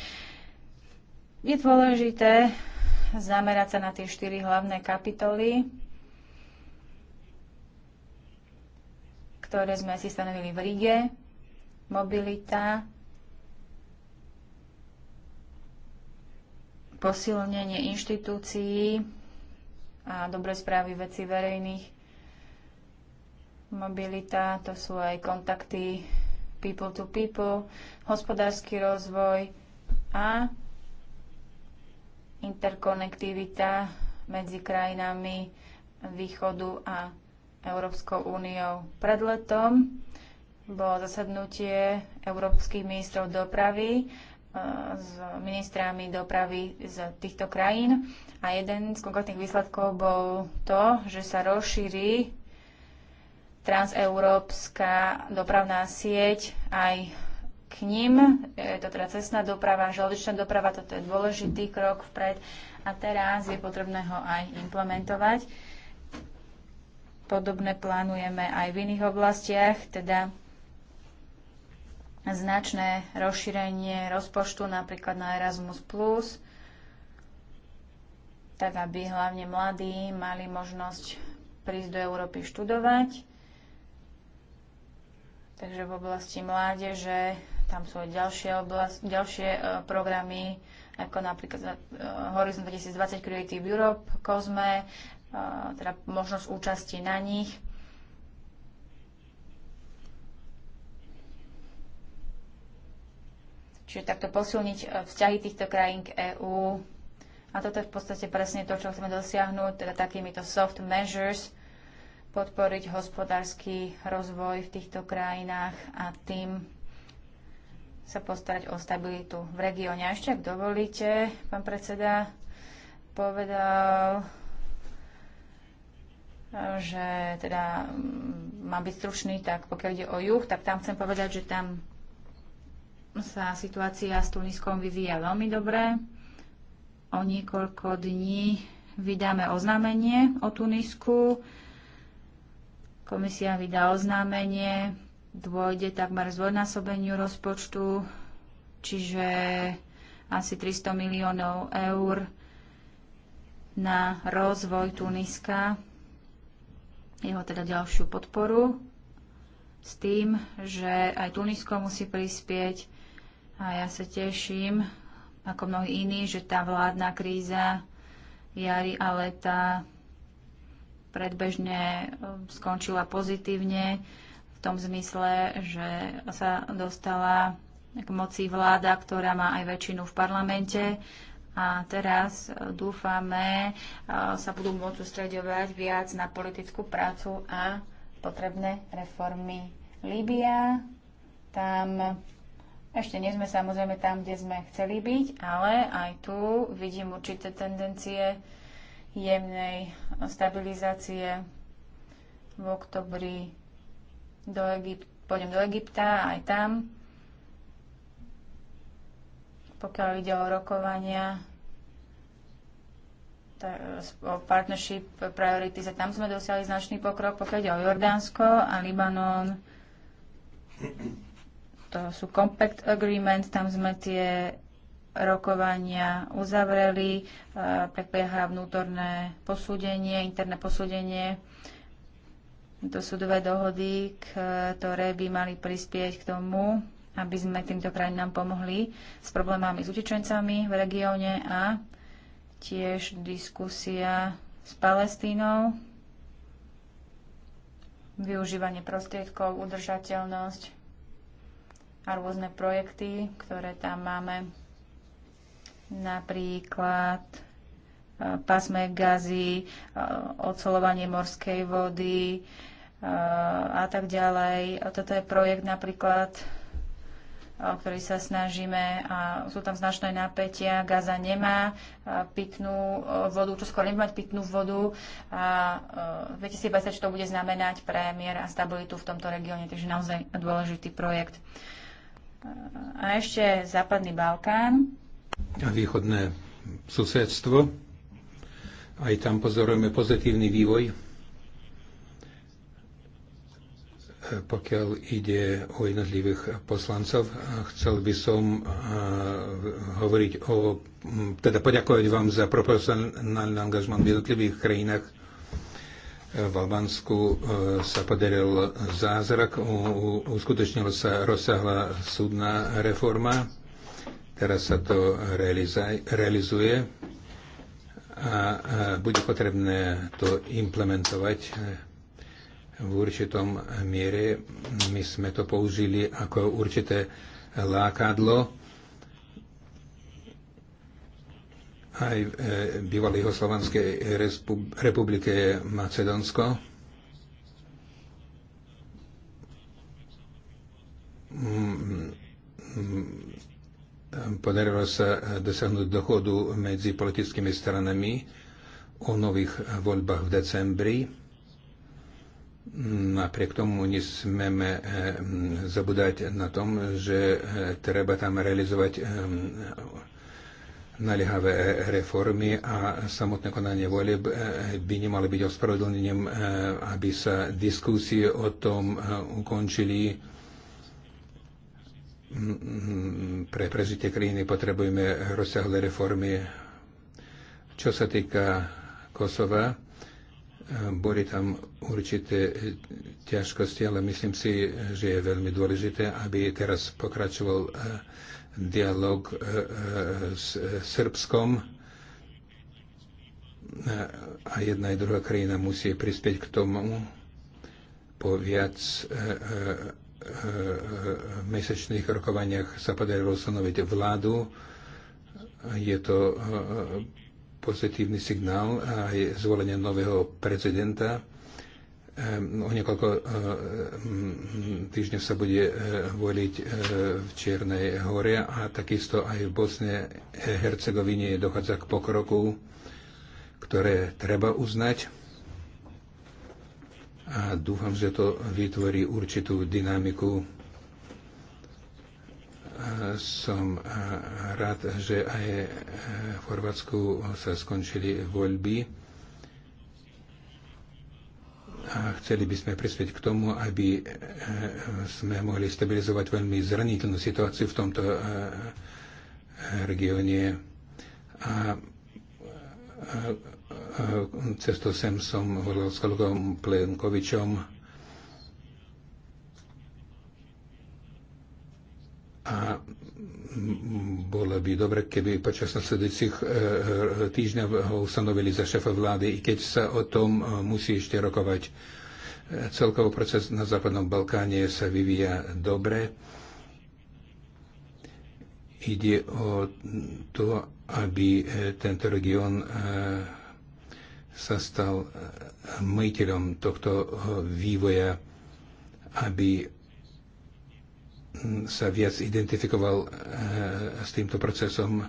je dôležité, zamerať sa na tie štyri hlavné kapitoly, ktoré sme si stanovili v Rige. Mobilita, posilnenie inštitúcií a dobre správy veci verejných. Mobilita, to sú aj kontakty people to people, hospodársky rozvoj a interkonektivita medzi krajinami východu a Európskou úniou. Pred letom bolo zasadnutie európskych ministrov dopravy e, s ministrami dopravy z týchto krajín a jeden z konkrétnych výsledkov bol to, že sa rozšíri transeurópska dopravná sieť aj k ním. Je to teda cestná doprava, železničná doprava, toto je dôležitý krok vpred a teraz je potrebné ho aj implementovať. Podobné plánujeme aj v iných oblastiach, teda značné rozšírenie rozpočtu napríklad na Erasmus+, tak aby hlavne mladí mali možnosť prísť do Európy študovať. Takže v oblasti mládeže tam sú aj ďalšie, oblast, ďalšie uh, programy, ako napríklad uh, Horizon 2020 Creative Europe, COSME, uh, teda možnosť účasti na nich. Čiže takto posilniť vzťahy týchto krajín k EÚ. A toto je v podstate presne to, čo chceme dosiahnuť, teda takýmito soft measures, podporiť hospodársky rozvoj v týchto krajinách a tým sa postarať o stabilitu v regióne. A ešte, ak dovolíte, pán predseda povedal, že teda mm, má byť stručný, tak pokiaľ ide o juh, tak tam chcem povedať, že tam sa situácia s Tuniskom vyvíja veľmi dobre. O niekoľko dní vydáme oznámenie o Tunisku. Komisia vydá oznámenie dôjde takmer zvojnásobeniu rozpočtu, čiže asi 300 miliónov eur na rozvoj Tuniska, jeho teda ďalšiu podporu, s tým, že aj Tunisko musí prispieť a ja sa teším, ako mnohí iní, že tá vládna kríza jary a leta predbežne um, skončila pozitívne v tom zmysle, že sa dostala k moci vláda, ktorá má aj väčšinu v parlamente. A teraz e, dúfame, e, sa budú môcť sústredovať viac na politickú prácu a potrebné reformy. Líbia, tam ešte nie sme samozrejme tam, kde sme chceli byť, ale aj tu vidím určité tendencie jemnej stabilizácie. V oktobri do Egypt, pôjdem do Egypta, aj tam. Pokiaľ ide o rokovania o partnership priority, a tam sme dosiahli značný pokrok, pokiaľ ide o Jordánsko a Libanon. To sú compact agreement, tam sme tie rokovania uzavreli, prebieha vnútorné posúdenie, interné posúdenie to sú dve dohody, ktoré by mali prispieť k tomu, aby sme týmto krajinám pomohli s problémami s utečencami v regióne a tiež diskusia s Palestínou, využívanie prostriedkov, udržateľnosť a rôzne projekty, ktoré tam máme. Napríklad eh, pásme gazy, eh, ocelovanie morskej vody, a tak ďalej. Toto je projekt napríklad, o ktorý sa snažíme a sú tam značné napätia. Gaza nemá pitnú vodu, čo skôr nemá mať pitnú vodu a viete si predstaviť, čo to bude znamenať pre mier a stabilitu v tomto regióne, takže naozaj dôležitý projekt. A ešte Západný Balkán. A východné susedstvo. Aj tam pozorujeme pozitívny vývoj Pokiaľ ide o jednotlivých poslancov, chcel by som e, hovoriť o, teda poďakovať vám za profesionálny angažman v jednotlivých krajinách. E, v Albánsku e, sa podaril zázrak, uskutočnila sa rozsahla súdna reforma, teraz sa to realizuje a bude potrebné to implementovať v určitom miere. My sme to použili ako určité lákadlo. Aj v e, bývalej Jugoslovanskej republike Macedónsko. Mm, mm, podarilo sa dosiahnuť dohodu medzi politickými stranami o nových voľbách v decembri Napriek tomu nesmeme eh, zabúdať na tom, že eh, treba tam realizovať eh, naliehavé reformy a samotné konanie volieb by nemalo byť ospravedlnením, aby sa diskusie o tom ukončili. Mm, mm, pre prežitie krajiny potrebujeme rozsiahle reformy. Čo sa týka Kosova, boli tam určité ťažkosti, ale myslím si, že je veľmi dôležité, aby teraz pokračoval e, dialog e, e, s Srbskom a jedna aj druhá krajina musí prispieť k tomu po viac mesečných rokovaniach sa podarilo ustanoviť vládu. Je to pozitívny signál aj zvolenie nového prezidenta. Ehm, o niekoľko eh, týždňov sa bude eh, voliť eh, v Čiernej hore a takisto aj v Bosne Hercegovine dochádza k pokroku, ktoré treba uznať. A dúfam, že to vytvorí určitú dynamiku som eh, rád, že aj eh, v Chorvátsku sa skončili voľby a chceli by sme prispieť k tomu, aby eh, sme mohli stabilizovať veľmi zraniteľnú situáciu v tomto regióne. A cestou sem som volal s kolegom Plenkovičom, a bolo by dobre, keby počas nasledujúcich e, e, týždňov ho ustanovili za šefa vlády, i keď sa o tom e, musí ešte rokovať. Celkový proces na Západnom Balkáne sa vyvíja dobre. Ide o to, aby tento región sa stal majiteľom tohto vývoja, aby sa viac identifikoval e, s týmto procesom. E,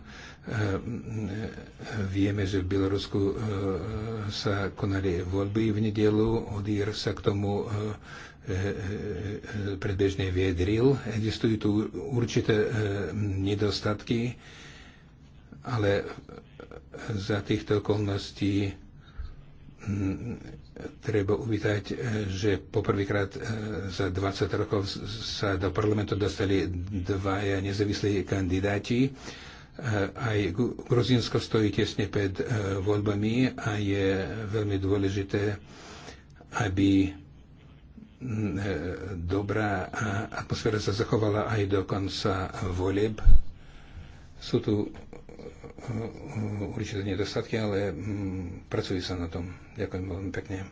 vieme, že v Bielorusku e, sa konali voľby v nedelu, Odír sa k tomu predbežne viedril. Existujú tu určité nedostatky, ale za týchto okolností treba uvítať, eh, že poprvýkrát eh, za 20 rokov sa do parlamentu dostali dvaja nezávislí kandidáti. Eh, aj Gruzinsko stojí tesne pred voľbami a je veľmi dôležité, aby mm, dobrá atmosféra sa zachovala aj do konca voleb. Sú tu určité nedostatky, ale mm, pracuje sa na tom. Ďakujem veľmi pekne.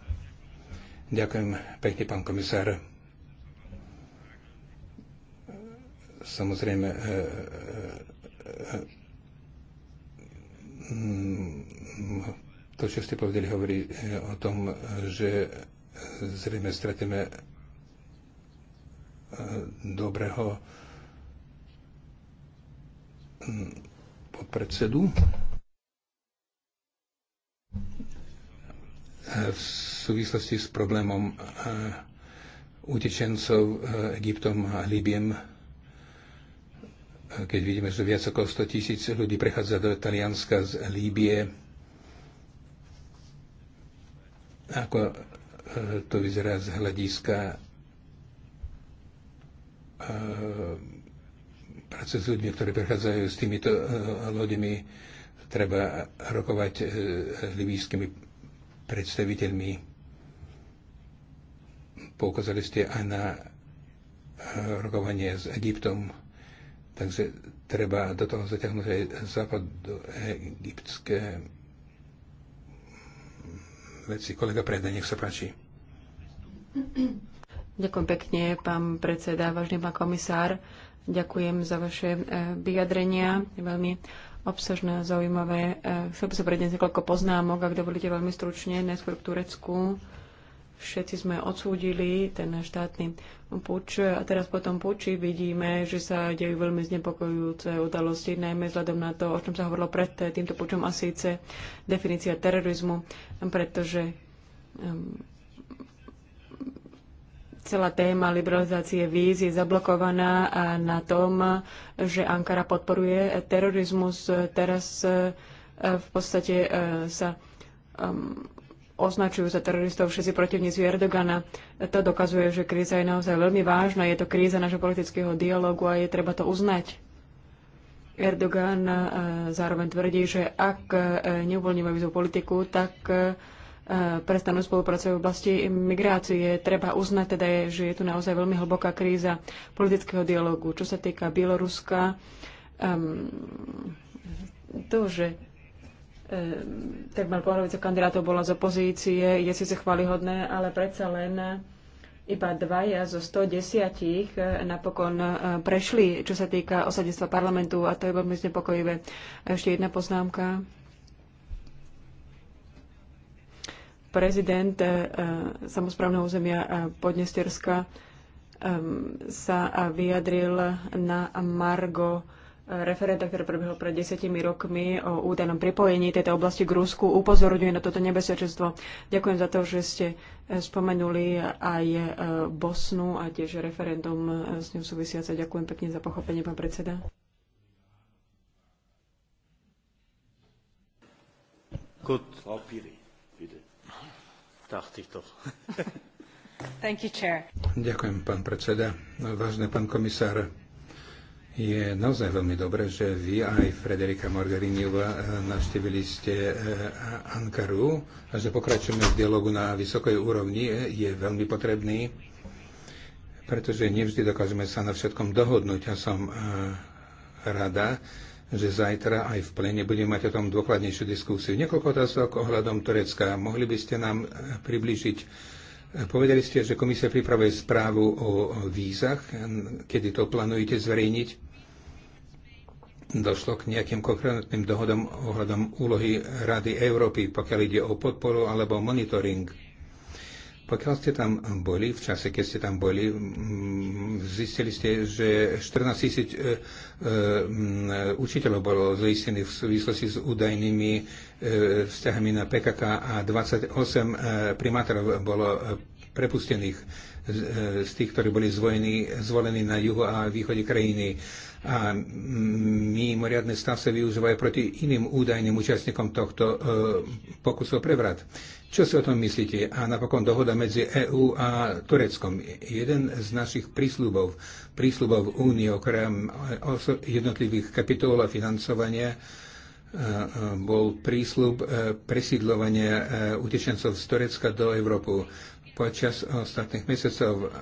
Ďakujem pekne, pán komisár. Samozrejme, e, e, e, mm, to, čo ste povedali, hovorí o tom, že zrejme stratíme dobrého mm, podpredsedu. V súvislosti s problémom eh, utečencov eh, Egyptom a Libiem, eh, keď vidíme, že viac ako 100 tisíc ľudí prechádza do Talianska z Líbie, ako to vyzerá z hľadiska práce s ľuďmi, ktorí prechádzajú s týmito e, lodemi, treba rokovať e, s libijskými predstaviteľmi. Poukázali ste aj na e, rokovanie s Egyptom, takže treba do toho zaťahnuť aj západ do egyptské veci. Kolega Preda, nech sa páči. Ďakujem pekne, pán predseda, vážny pán komisár. Ďakujem za vaše e, vyjadrenia, je veľmi obsažné a zaujímavé. E, chcel by som predniesť niekoľko poznámok, ak dovolíte veľmi stručne, najskôr k Turecku. Všetci sme odsúdili ten štátny puč a teraz po tom puči vidíme, že sa dejú veľmi znepokojujúce udalosti, najmä vzhľadom na to, o čom sa hovorilo pred e, týmto pučom a síce definícia terorizmu, pretože um, Celá téma liberalizácie víz je zablokovaná na tom, že Ankara podporuje terorizmus. Teraz e, v podstate e, sa označujú za teroristov všetci protivníci Erdogana. To dokazuje, že kríza je naozaj veľmi vážna. Je to kríza našho politického dialogu a je treba to uznať. Erdogan e, zároveň tvrdí, že ak neuvoľníme vizovú politiku, tak prestanú spolupracovať v oblasti migrácie. Treba uznať teda, je že je tu naozaj veľmi hlboká kríza politického dialogu. Čo sa týka Bieloruska, um, to, že um, ehm, takmer polovica kandidátov bola z opozície, je síce chválihodné, ale predsa len iba dvaja zo 110 eh, napokon eh, prešli, čo sa týka osadenstva parlamentu a to je veľmi znepokojivé. Ešte jedna poznámka prezident eh, eh, samozprávneho územia eh, Podnesterska sa vyjadril na Margo referenda, ktoré prebehlo pred desiatimi rokmi o údajnom pripojení tejto oblasti k Rusku, upozorňuje na toto nebezpečenstvo. Ďakujem za to, že ste spomenuli aj Bosnu a tiež referendum s ňou súvisiace. Ďakujem pekne za pochopenie, pán predseda. Good. Thank you, chair. Ďakujem, pán predseda. No, vážne pán komisár, je naozaj veľmi dobré, že vy aj Frederika Morgariniova eh, navštívili ste eh, Ankaru a že pokračujeme v dialogu na vysokej úrovni eh, je veľmi potrebný, pretože nevždy dokážeme sa na všetkom dohodnúť. a som rada, že zajtra aj v plene budeme mať o tom dôkladnejšiu diskusiu. Niekoľko otázok ohľadom Turecka. Mohli by ste nám eh, približiť eh, Povedali ste, že komisia pripravuje správu o vízach. Kedy to plánujete zverejniť? Došlo k nejakým konkrétnym dohodom ohľadom úlohy Rady Európy, pokiaľ ide o podporu alebo monitoring pokiaľ ste tam boli, v čase, keď ste tam boli, zistili ste, že 14 tisíc e, e, učiteľov bolo zaistených v súvislosti s údajnými e, vzťahami na PKK a 28 primátorov bolo prepustených. E, z tých, ktorí boli zvojení, zvolení na juhu a východe krajiny. A mimoriadný stav sa využívajú proti iným údajným účastníkom tohto e, pokusu o prevrat. Čo si o tom myslíte? A napokon dohoda medzi EÚ a Tureckom. Jeden z našich prísľubov, prísľubov únie okrem jednotlivých kapitol a financovania, e, e, bol prísľub presídlovania utečencov z Turecka do Európy. Počas ostatných mesiacov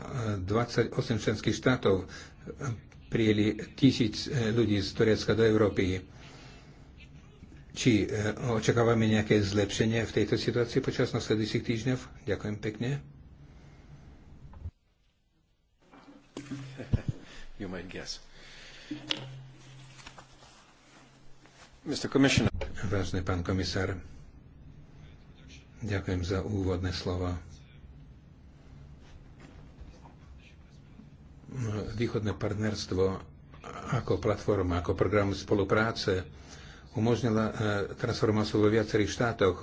28 eh, členských štátov eh, prijeli tisíc eh, ľudí z Turecka do Európy. Či očakávame nejaké zlepšenie v tejto situácii počas nasledujúcich týždňov? Ďakujem pekne. You might guess. Mr. Commissioner. Vážny pán komisár, ďakujem za úvodné slovo. východné partnerstvo ako platforma, ako program spolupráce umožnila e, transformáciu vo viacerých štátoch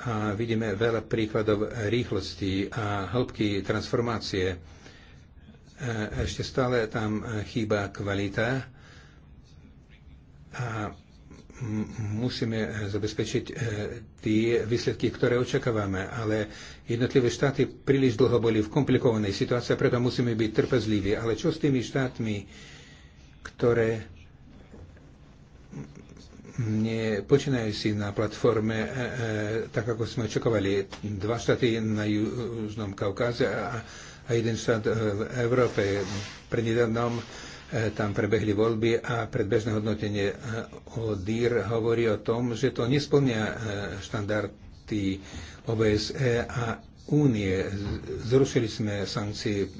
a vidíme veľa príkladov rýchlosti a hĺbky transformácie. E, ešte stále tam chýba kvalita a musíme zabezpečiť e, tie výsledky, ktoré očakávame, ale jednotlivé štáty príliš dlho boli v komplikovanej situácii, preto musíme byť trpezliví. Ale čo s tými štátmi, ktoré nepočínajú si na platforme e, e, tak, ako sme očakávali. Dva štáty na Južnom Kaukáze a, a jeden štát v Európe. nedávnom E, tam prebehli voľby a predbežné hodnotenie e, ODIR hovorí o tom, že to nesplňa e, štandardy OBSE a únie. Zrušili sme sankcie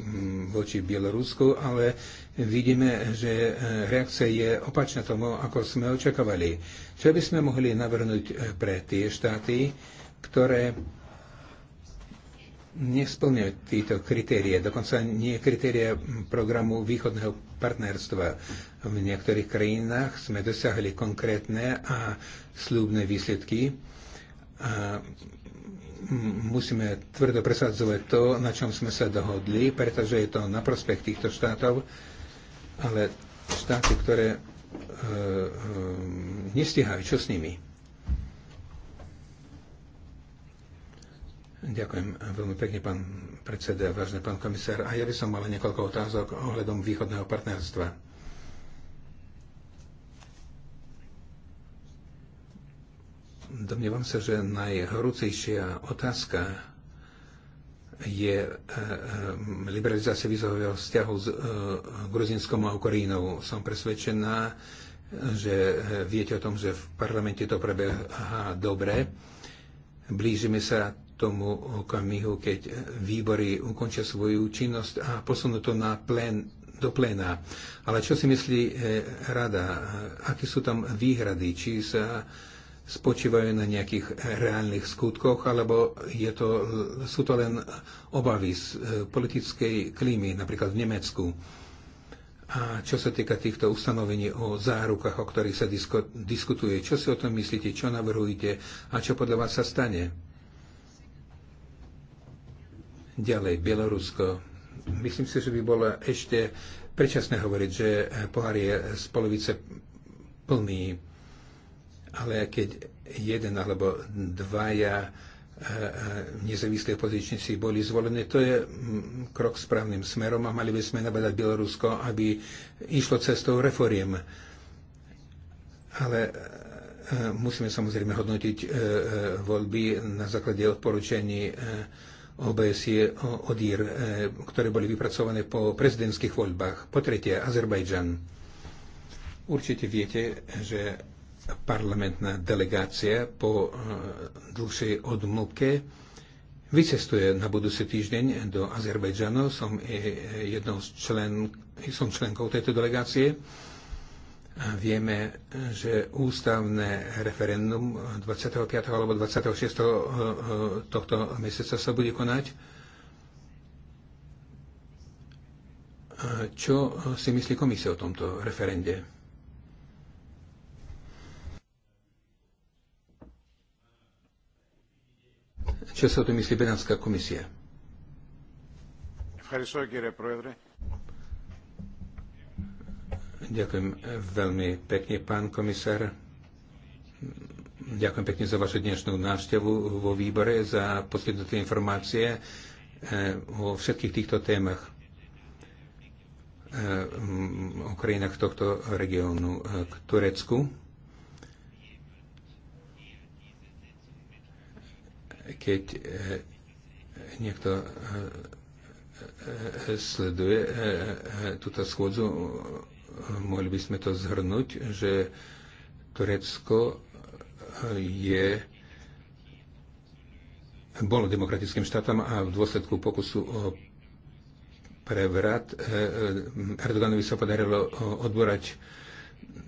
voči Bielorusku, ale vidíme, že reakcia je opačná tomu, ako sme očakávali. Čo by sme mohli navrhnúť pre tie štáty, ktoré nesplňujú tieto kritérie, dokonca nie kritéria programu východného partnerstva. V niektorých krajinách sme dosiahli konkrétne a slúbne výsledky a musíme tvrdo presadzovať to, na čom sme sa dohodli, pretože je to na prospech týchto štátov, ale štáty, ktoré e, e, nestihajú, čo s nimi? Ďakujem veľmi pekne, pán predseda, vážny pán komisár. A ja by som mal niekoľko otázok ohľadom východného partnerstva. Domnievam sa, že najhorúcejšia otázka je eh, eh, liberalizácia vizového vzťahu s eh, Gruzinskom a Ukrajinou. Som presvedčená, že viete o tom, že v parlamente to prebieha dobre. Blížime sa tomu okamihu, keď výbory ukončia svoju činnosť a posunú to na plén, do pléna. Ale čo si myslí eh, rada? Aké sú tam výhrady? Či sa spočívajú na nejakých reálnych skutkoch, alebo je to, sú to len obavy z eh, politickej klímy, napríklad v Nemecku. A čo sa týka týchto ustanovení o zárukách, o ktorých sa disko, diskutuje, čo si o tom myslíte, čo navrhujete a čo podľa vás sa stane? Ďalej, Bielorusko. Myslím si, že by bolo ešte prečasné hovoriť, že pohár je z polovice plný, ale keď jeden alebo dvaja eh, nezávislí opozičníci boli zvolení. To je mm, krok správnym smerom a mali by sme nabadať Bielorusko, aby išlo cestou reforiem. Ale eh, musíme samozrejme hodnotiť eh, voľby na základe odporúčení OBSE ODIR, e, ktoré boli vypracované po prezidentských voľbách. Po tretie, Azerbajdžan. Určite viete, že parlamentná delegácia po e, dlhšej odmlke vycestuje na budúci týždeň do Azerbajdžanu. Som, e, jednou z člen, som členkou tejto delegácie. Vieme, že ústavné referendum 25. alebo 26. E, e, tohto mesiaca sa bude konať. Čo si myslí komisia o tomto referende? Čo sa o tom myslí Benátska komisia? Ďakujem veľmi pekne, pán komisár. Ďakujem pekne za vašu dnešnú návštevu vo výbore, za poskytnuté informácie eh, o všetkých týchto témach eh, o krajinách tohto regiónu eh, k Turecku. Keď niekto sleduje túto schôdzu, mohli by sme to zhrnúť, že Turecko eh, je bolo demokratickým štátom a v dôsledku pokusu o prevrat eh, eh, Erdoganovi sa podarilo odborať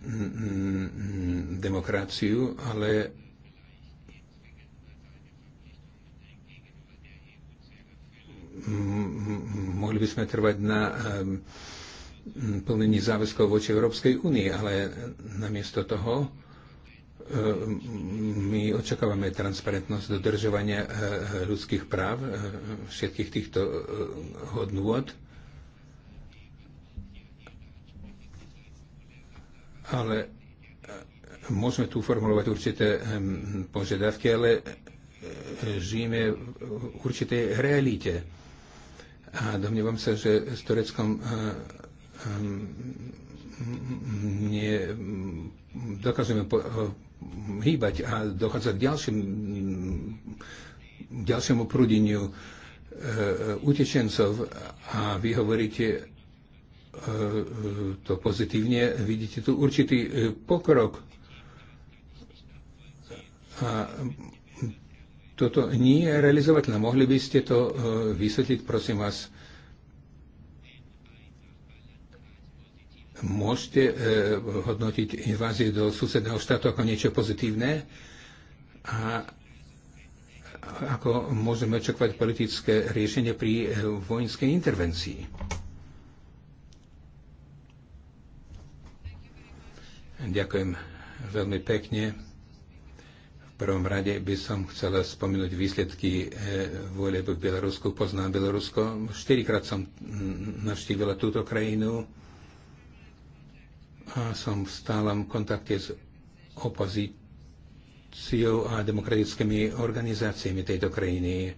mm, mm, demokraciu, ale mohli by sme trvať na plnení záväzkov voči Európskej únii, ale namiesto toho e, my očakávame transparentnosť dodržovania e, ľudských práv, e, všetkých týchto hodnôt. Ale môžeme tu formulovať určité požiadavky, ale žijeme v určitej realite. A domnievam sa, že s Tureckom nie, dokážeme po, hýbať a dochádza k ďalším, ďalšiemu prúdeniu e, utečencov a vy hovoríte e, to pozitívne, vidíte tu určitý e, pokrok. A toto nie je realizovateľné. Mohli by ste to e, vysvetliť, prosím vás, Môžete e, hodnotiť invázie do susedného štátu ako niečo pozitívne a ako môžeme očakávať politické riešenie pri e, vojenskej intervencii. Ďakujem veľmi pekne. V prvom rade by som chcela spomenúť výsledky e, volieb v Bielorusku. Poznám Bielorusko. Štyrikrát som navštívila túto krajinu a som v stálom kontakte s opozíciou a demokratickými organizáciami tejto krajiny.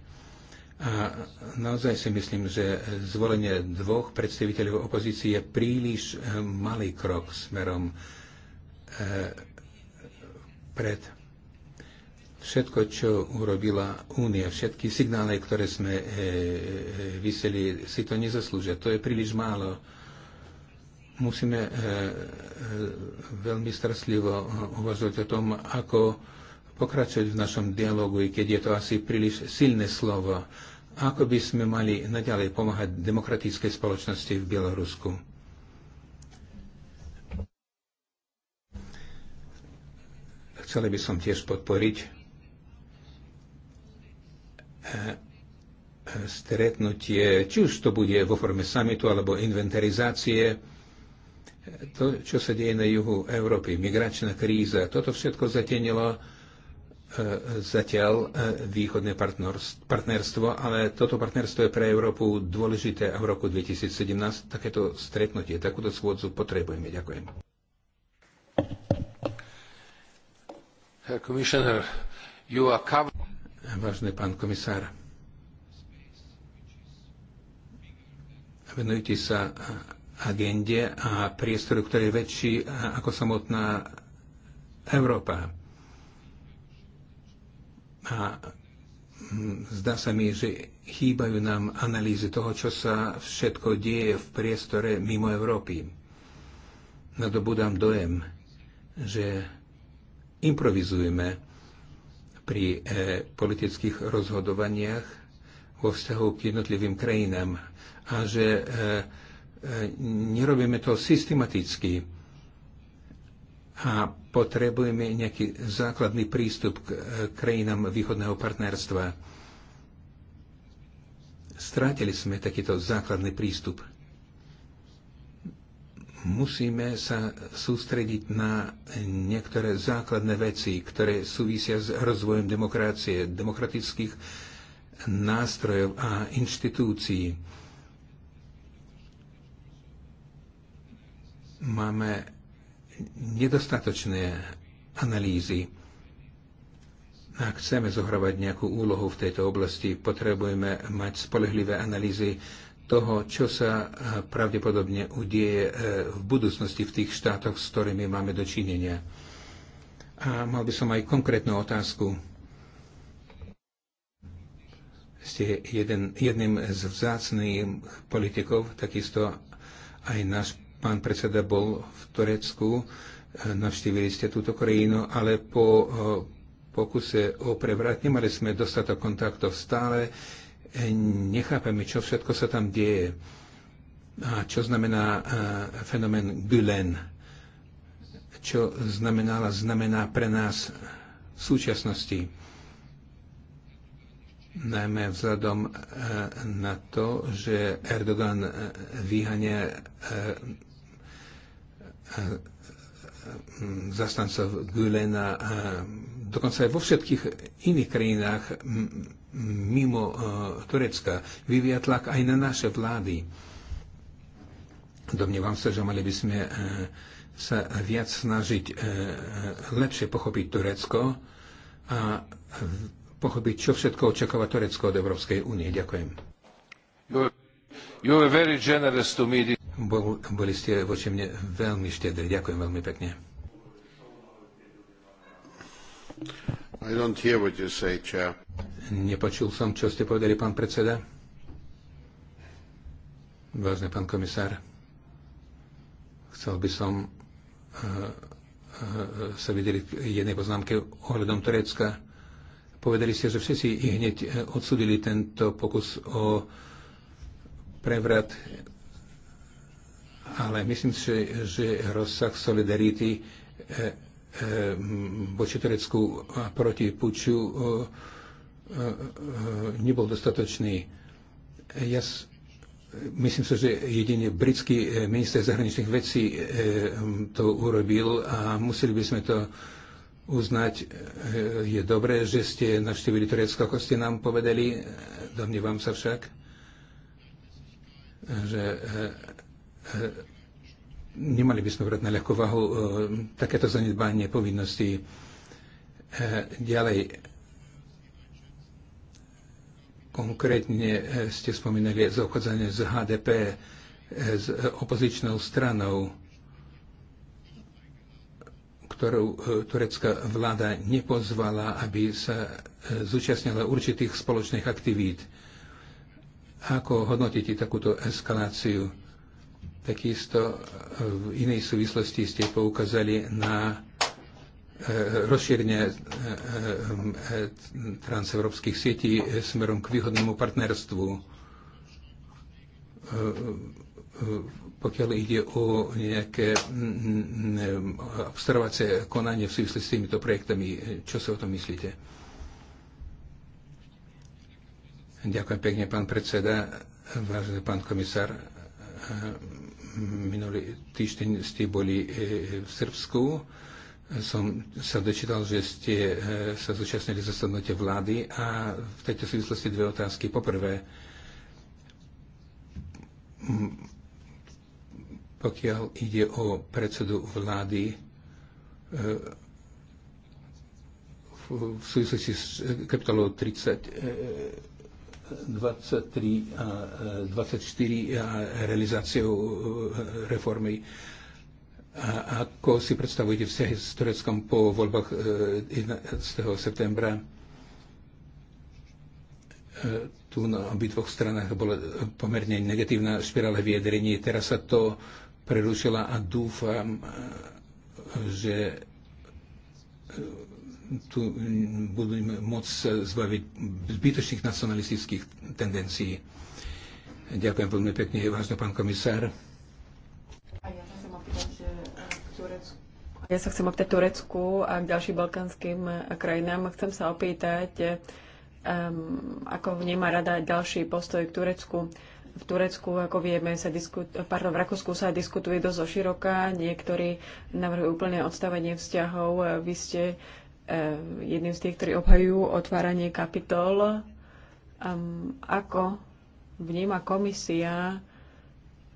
A naozaj si myslím, že zvolenie dvoch predstaviteľov opozície je príliš eh, malý krok smerom eh, pred všetko, čo urobila Únia, všetky signály, ktoré sme eh, vyseli, si to nezaslúžia. To je príliš málo. Musíme e, e, veľmi starostlivo e, uvažovať o tom, ako pokračovať v našom dialogu, i keď je to asi príliš silné slovo. Ako by sme mali naďalej pomáhať demokratickej spoločnosti v Bielorusku? Chceli by som tiež podporiť stretnutie, či už to bude vo forme samitu alebo inventarizácie to, čo sa deje na juhu Európy, migračná kríza, toto všetko zatenilo e, zatiaľ e, východné partnerstvo, ale toto partnerstvo je pre Európu dôležité a v roku 2017 takéto stretnutie, takúto schôdzu potrebujeme. Ďakujem. Vážny pán komisár, venujte sa agende a priestoru, ktorý je väčší ako samotná Európa. A mm, zdá sa mi, že chýbajú nám analýzy toho, čo sa všetko deje v priestore mimo Európy. Na Nadobudám dojem, že improvizujeme pri e, politických rozhodovaniach vo vzťahu k jednotlivým krajinám a že e, nerobíme to systematicky a potrebujeme nejaký základný prístup k eh, krajinám východného partnerstva. Strátili sme takýto základný prístup. Musíme sa sústrediť na niektoré základné veci, ktoré súvisia s rozvojom demokracie, demokratických nástrojov a inštitúcií máme nedostatočné analýzy. Ak chceme zohrávať nejakú úlohu v tejto oblasti, potrebujeme mať spolehlivé analýzy toho, čo sa eh, pravdepodobne udieje eh, v budúcnosti v tých štátoch, s ktorými máme dočinenia. A mal by som aj konkrétnu otázku. Ste jeden, jedným z vzácných politikov, takisto aj náš Pán predseda bol v Turecku, e, navštívili ste túto krajinu, ale po e, pokuse o prevrat nemali sme dostatok kontaktov stále. E, nechápeme, čo všetko sa tam deje. A čo znamená fenomén Gülen? Čo znamenala, znamená pre nás v súčasnosti? najmä vzhľadom na to, že Erdogan vyhania zastancov Gülena, dokonca aj vo všetkých iných krajinách mimo e, Turecka, vyvíja tlak aj na naše vlády. Domnievam sa, že mali by sme e, sa viac snažiť e, lepšie pochopiť Turecko a pochopiť, čo všetko očakáva Turecko od Európskej únie. Ďakujem. You were very generous to me bol, boli ste voči mne veľmi štedri. Ďakujem veľmi pekne. I don't hear what you say, chair. Nepočul som, čo ste povedali, pán predseda. Vážne, pán komisár, chcel by som eh, eh, sa videli jednej poznámke ohľadom Turecka. Povedali ste, že všetci hneď eh, odsudili tento pokus o prevrat ale myslím si, že, že rozsah solidarity e, e, voči Turecku a proti Puču e, nebol dostatočný. Ja myslím si, že jedine britský minister zahraničných vecí to urobil a museli by sme to uznať. Je dobré, že ste navštívili Turecko, ako ste nám povedali. Domnievam sa však, že nemali by sme brať na ľahkú váhu e, takéto zanedbanie povinností. E, ďalej, konkrétne e, ste spomínali zaobchádzanie z HDP s opozičnou stranou, ktorú turecká vláda nepozvala, aby sa zúčastnila určitých spoločných aktivít. Ako hodnotíte takúto eskaláciu? Takisto e, v inej súvislosti ste poukázali na e, rozšírenie e, transeurópskych sietí smerom k výhodnému partnerstvu. Pokiaľ ide o nejaké observácie konanie v súvislosti s týmito projektami, čo si o tom myslíte? Ďakujem pekne, pán predseda, vážený pán komisár. Minulý týždeň ste boli e, e, v Srbsku. Som sa dočítal, že ste e, sa zúčastnili zasadnutia vlády a v tejto súvislosti dve otázky. Poprvé, pokiaľ ide o predsedu vlády, v súvislosti s kapitolou 30 23 a 24 e, a realizáciou e, reformy. A ako si predstavujete vzťahy s Tureckom po voľbách 11. E, septembra? Tu na obidvoch stranách bola pomerne negatívna špirála vyjadrení. Teraz sa to prerušila a dúfam, že tu mm, budú môcť zbaviť zbytočných nacionalistických tendencií. Ďakujem veľmi pekne, vážne pán komisár. A ja sa chcem opýtať, že k eh, Turecku. Ja sa chcem opýtať Turecku a k ďalším balkánskym eh, krajinám. Chcem sa opýtať, um, ako vníma rada ďalší postoj k Turecku. V Turecku, ako vieme, sa diskut, pardon, v Rakúsku sa diskutuje dosť oširoka. Niektorí navrhujú úplne odstavenie vzťahov. Vy ste Eh, jedným z tých, ktorí obhajujú otváranie kapitol. Um, ako vníma komisia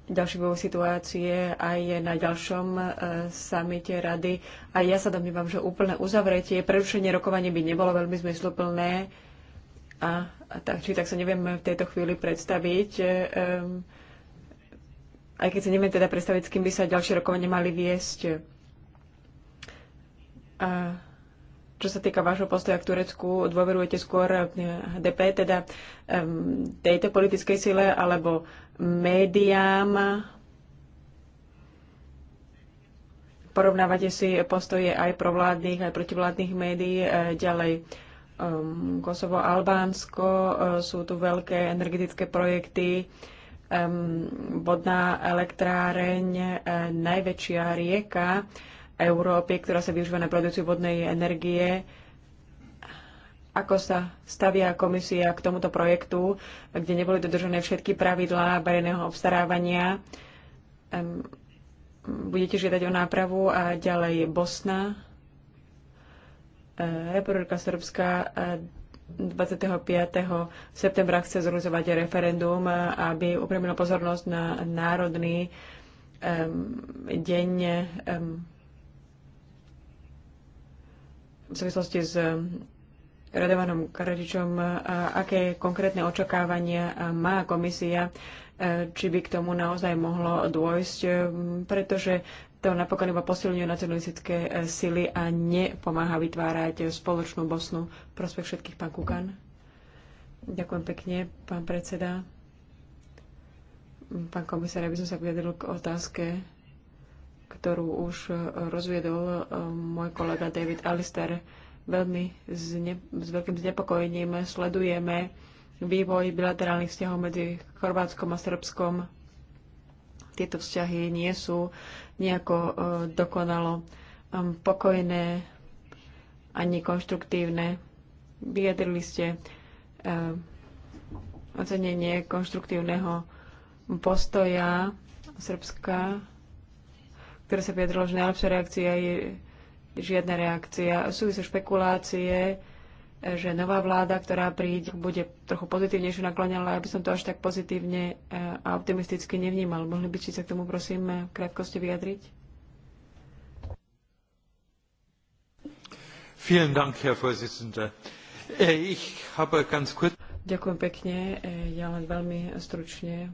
ďalšie vývoj situácie aj na ďalšom uh, samite rady. A ja sa domnívam, že úplné uzavretie, prerušenie rokovania by nebolo veľmi zmysluplné. A, a tak, či tak sa neviem v tejto chvíli predstaviť. Um, aj keď sa neviem teda predstaviť, s kým by sa ďalšie rokovanie mali viesť. A, čo sa týka vášho postoja k Turecku, dôverujete skôr HDP, teda tejto politickej sile, alebo médiám? Porovnávate si postoje aj pro vládnych, aj protivládnych médií e, ďalej. Kosovo, Albánsko, e, sú tu veľké energetické projekty, vodná elektráreň, e, najväčšia rieka, Európy, ktorá sa využíva na produkciu vodnej energie. Ako sa stavia komisia k tomuto projektu, kde neboli dodržené všetky pravidlá verejného obstarávania? Budete žiadať o nápravu a ďalej Bosna. E, Republika Srbská 25. E, septembra chce zrozovať referendum, e, aby upremilo pozornosť na národný um, deň um, v súvislosti s eh, Radovanom Karadičom, eh, aké konkrétne očakávania eh, má komisia, či by k tomu naozaj mohlo dôjsť, pretože to napokon iba posilňuje nacionalistické sily a nepomáha vytvárať spoločnú Bosnu. Prospech všetkých, pán Kukan. Ďakujem pekne, pán predseda. Pán komisár, aby som sa vyjadril k otázke ktorú už e, rozviedol e, môj kolega David Alister. Veľmi zne, s veľkým znepokojením sledujeme vývoj bilaterálnych vzťahov medzi Chorvátskom a Srbskom. Tieto vzťahy nie sú nejako e, dokonalo pokojné ani konštruktívne. Vyjadrili ste ocenenie konštruktívneho postoja Srbska ktoré sa vyjadrilo, že najlepšia reakcia je žiadna reakcia. Sú sa špekulácie, že nová vláda, ktorá príde, bude trochu pozitívnejšie naklonená, ale ja by som to až tak pozitívne e, a optimisticky nevnímal. Mohli by ste sa k tomu, prosím, e, v krátkosti vyjadriť? Vielen Dank, Herr Vorsitzender. Äh, ich habe ganz kurz... Ďakujem pekne. Äh, ja len veľmi stručne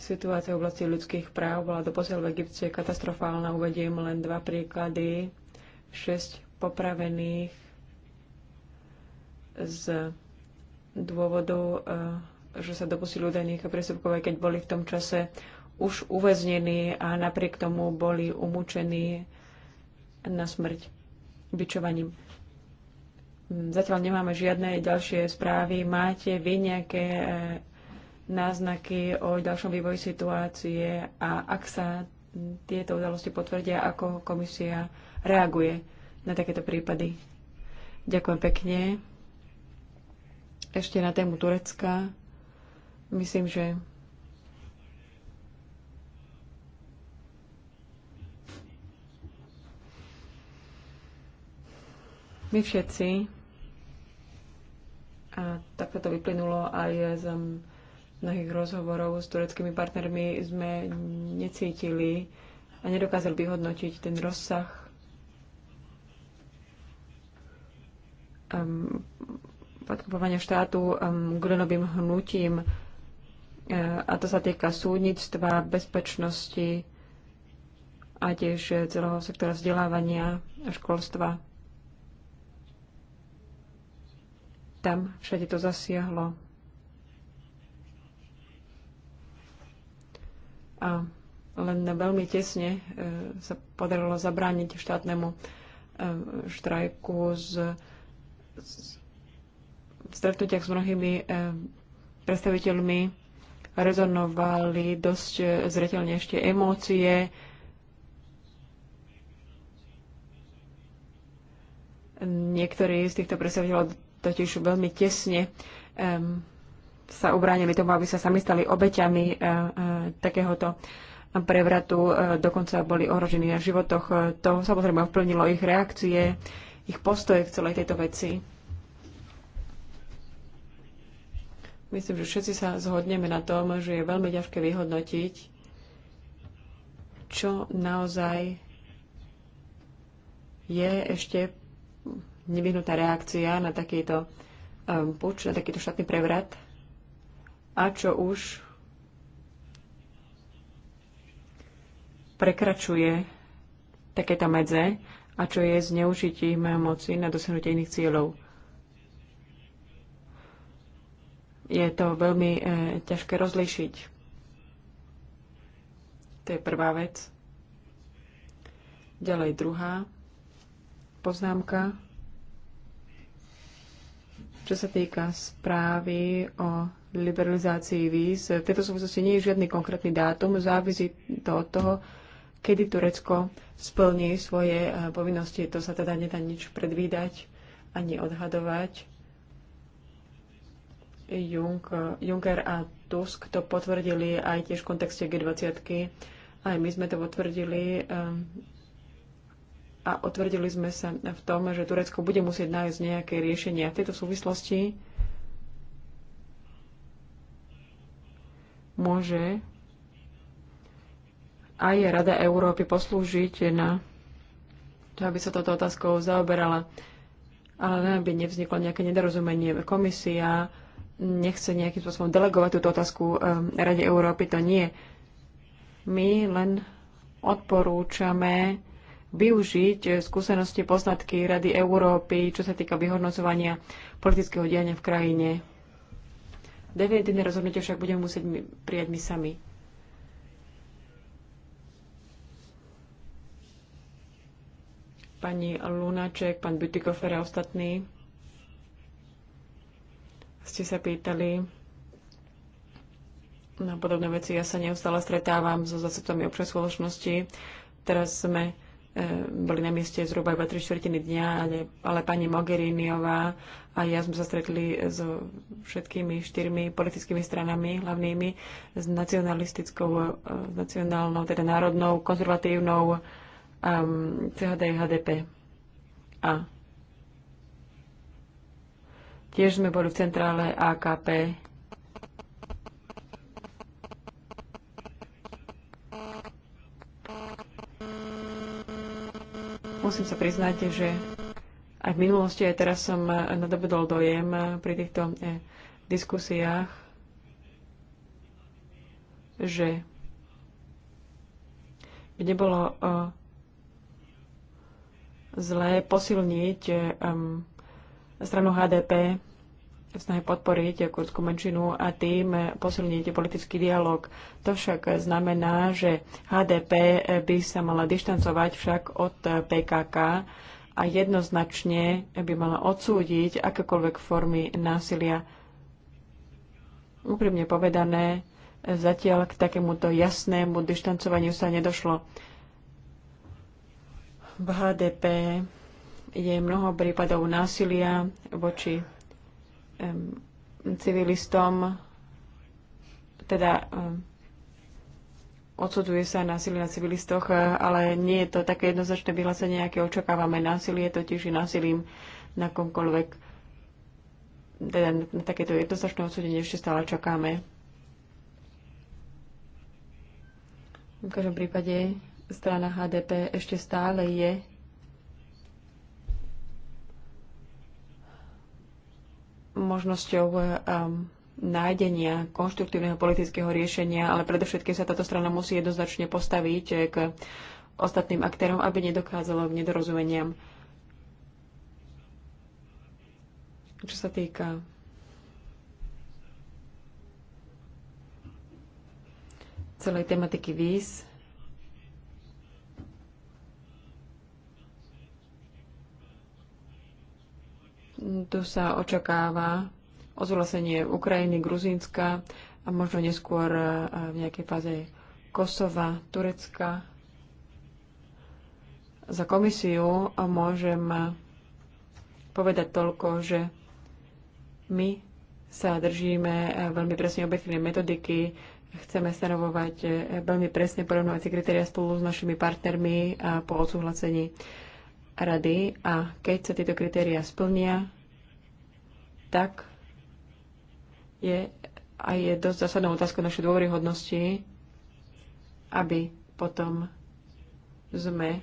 Situácia v oblasti ľudských práv bola doposiaľ v Egypte katastrofálna. Uvediem len dva príklady. Šesť popravených z dôvodu, eh, že sa dopustili údajných presúbkov, keď boli v tom čase už uväznení a napriek tomu boli umúčení na smrť byčovaním. Hm, zatiaľ nemáme žiadne ďalšie správy. Máte vy nejaké eh, náznaky o ďalšom vývoji situácie a ak sa tieto udalosti potvrdia, ako komisia reaguje na takéto prípady. Ďakujem pekne. Ešte na tému Turecka. Myslím, že my všetci, a takto to vyplynulo aj z mnohých rozhovorov s tureckými partnermi sme necítili a nedokázali vyhodnotiť ten rozsah um, podkupovania štátu um, lenovým hnutím. E, a to sa týka súdnictva, bezpečnosti a tiež celého sektora vzdelávania a školstva. Tam všade to zasiahlo. a len veľmi tesne e, sa podarilo zabrániť štátnemu e, štrajku z, v stretnutiach s mnohými e, predstaviteľmi rezonovali dosť zretelne ešte emócie. Niektorí z týchto predstaviteľov totiž veľmi tesne um, sa obránili tomu, aby sa sami stali obeťami e, e, takéhoto prevratu, e, dokonca boli ohrožení na životoch. To samozrejme ovplyvnilo ich reakcie, ich postoje k celej tejto veci. Myslím, že všetci sa zhodneme na tom, že je veľmi ťažké vyhodnotiť, čo naozaj je ešte nevyhnutá reakcia na takýto um, puč, na takýto štátny prevrat a čo už prekračuje takéto medze a čo je zneužitím moci na dosiahnutie iných cieľov. Je to veľmi e, ťažké rozlišiť. To je prvá vec. Ďalej druhá poznámka. Čo sa týka správy o liberalizácii víz. V tejto súvislosti nie je žiadny konkrétny dátum, závisí to od toho, kedy Turecko splní svoje eh, povinnosti. To sa teda nedá nič predvídať ani odhadovať. Jung, Juncker a Tusk to potvrdili aj tiež v kontexte G20. Aj my sme to potvrdili eh, a otvrdili sme sa v tom, že Turecko bude musieť nájsť nejaké riešenie. V tejto súvislosti môže aj Rada Európy poslúžiť na to, aby sa toto otázkou zaoberala, ale aby nevzniklo nejaké nedorozumenie. Komisia nechce nejakým spôsobom delegovať túto otázku eh, Rade Európy, to nie. My len odporúčame využiť eh, skúsenosti, poznatky Rady Európy, čo sa týka vyhodnocovania politického diania v krajine. Definitívne rozhodnutie však budeme musieť my, prijať my sami. Pani Lunaček, pán Butikofer a ostatní ste sa pýtali na podobné veci. Ja sa neustále stretávam so zastupcami občas spoločnosti. Teraz sme E, boli na mieste zhruba iba 3 čtvrtiny dňa, ale, ale pani Mogheriniová a ja sme sa stretli so všetkými štyrmi politickými stranami, hlavnými, s nacionalistickou, e, s nacionálnou, teda národnou, konzervatívnou um, CHD, HDP. A tiež sme boli v centrále AKP musím sa priznať, že aj v minulosti, aj teraz som nadobudol dojem pri týchto e, diskusiách, že by nebolo e, zlé posilniť e, stranu HDP v snahe podporiť kurdskú menšinu a tým posilniť politický dialog. To však znamená, že HDP by sa mala dištancovať však od PKK a jednoznačne by mala odsúdiť akékoľvek formy násilia. Úprimne povedané, zatiaľ k takémuto jasnému dištancovaniu sa nedošlo. V HDP je mnoho prípadov násilia voči civilistom, teda odsudzuje sa násilie na civilistoch, eh, ale nie je to také jednoznačné vyhlásenie, aké očakávame. Násilie totiž je násilím na komkoľvek. Teda na takéto jednoznačné odsudenie ešte stále čakáme. V každom prípade strana HDP ešte stále je možnosťou um, nájdenia konštruktívneho politického riešenia, ale predovšetkým sa táto strana musí jednoznačne postaviť eh, k ostatným aktérom, aby nedokázalo k nedorozumeniam. Čo sa týka celej tematiky víz, Tu sa očakáva ozvlasenie Ukrajiny, Gruzínska a možno neskôr e, v nejakej fáze Kosova, Turecka. Za komisiu môžem povedať toľko, že my sa držíme e, veľmi presne objektívnej metodiky, chceme stanovovať e, veľmi presne porovnávacie kritéria spolu s našimi partnermi po odsúhlasení rady a keď sa tieto kritéria splnia, tak je a je dosť zásadnou otázkou našej dôveryhodnosti, aby potom sme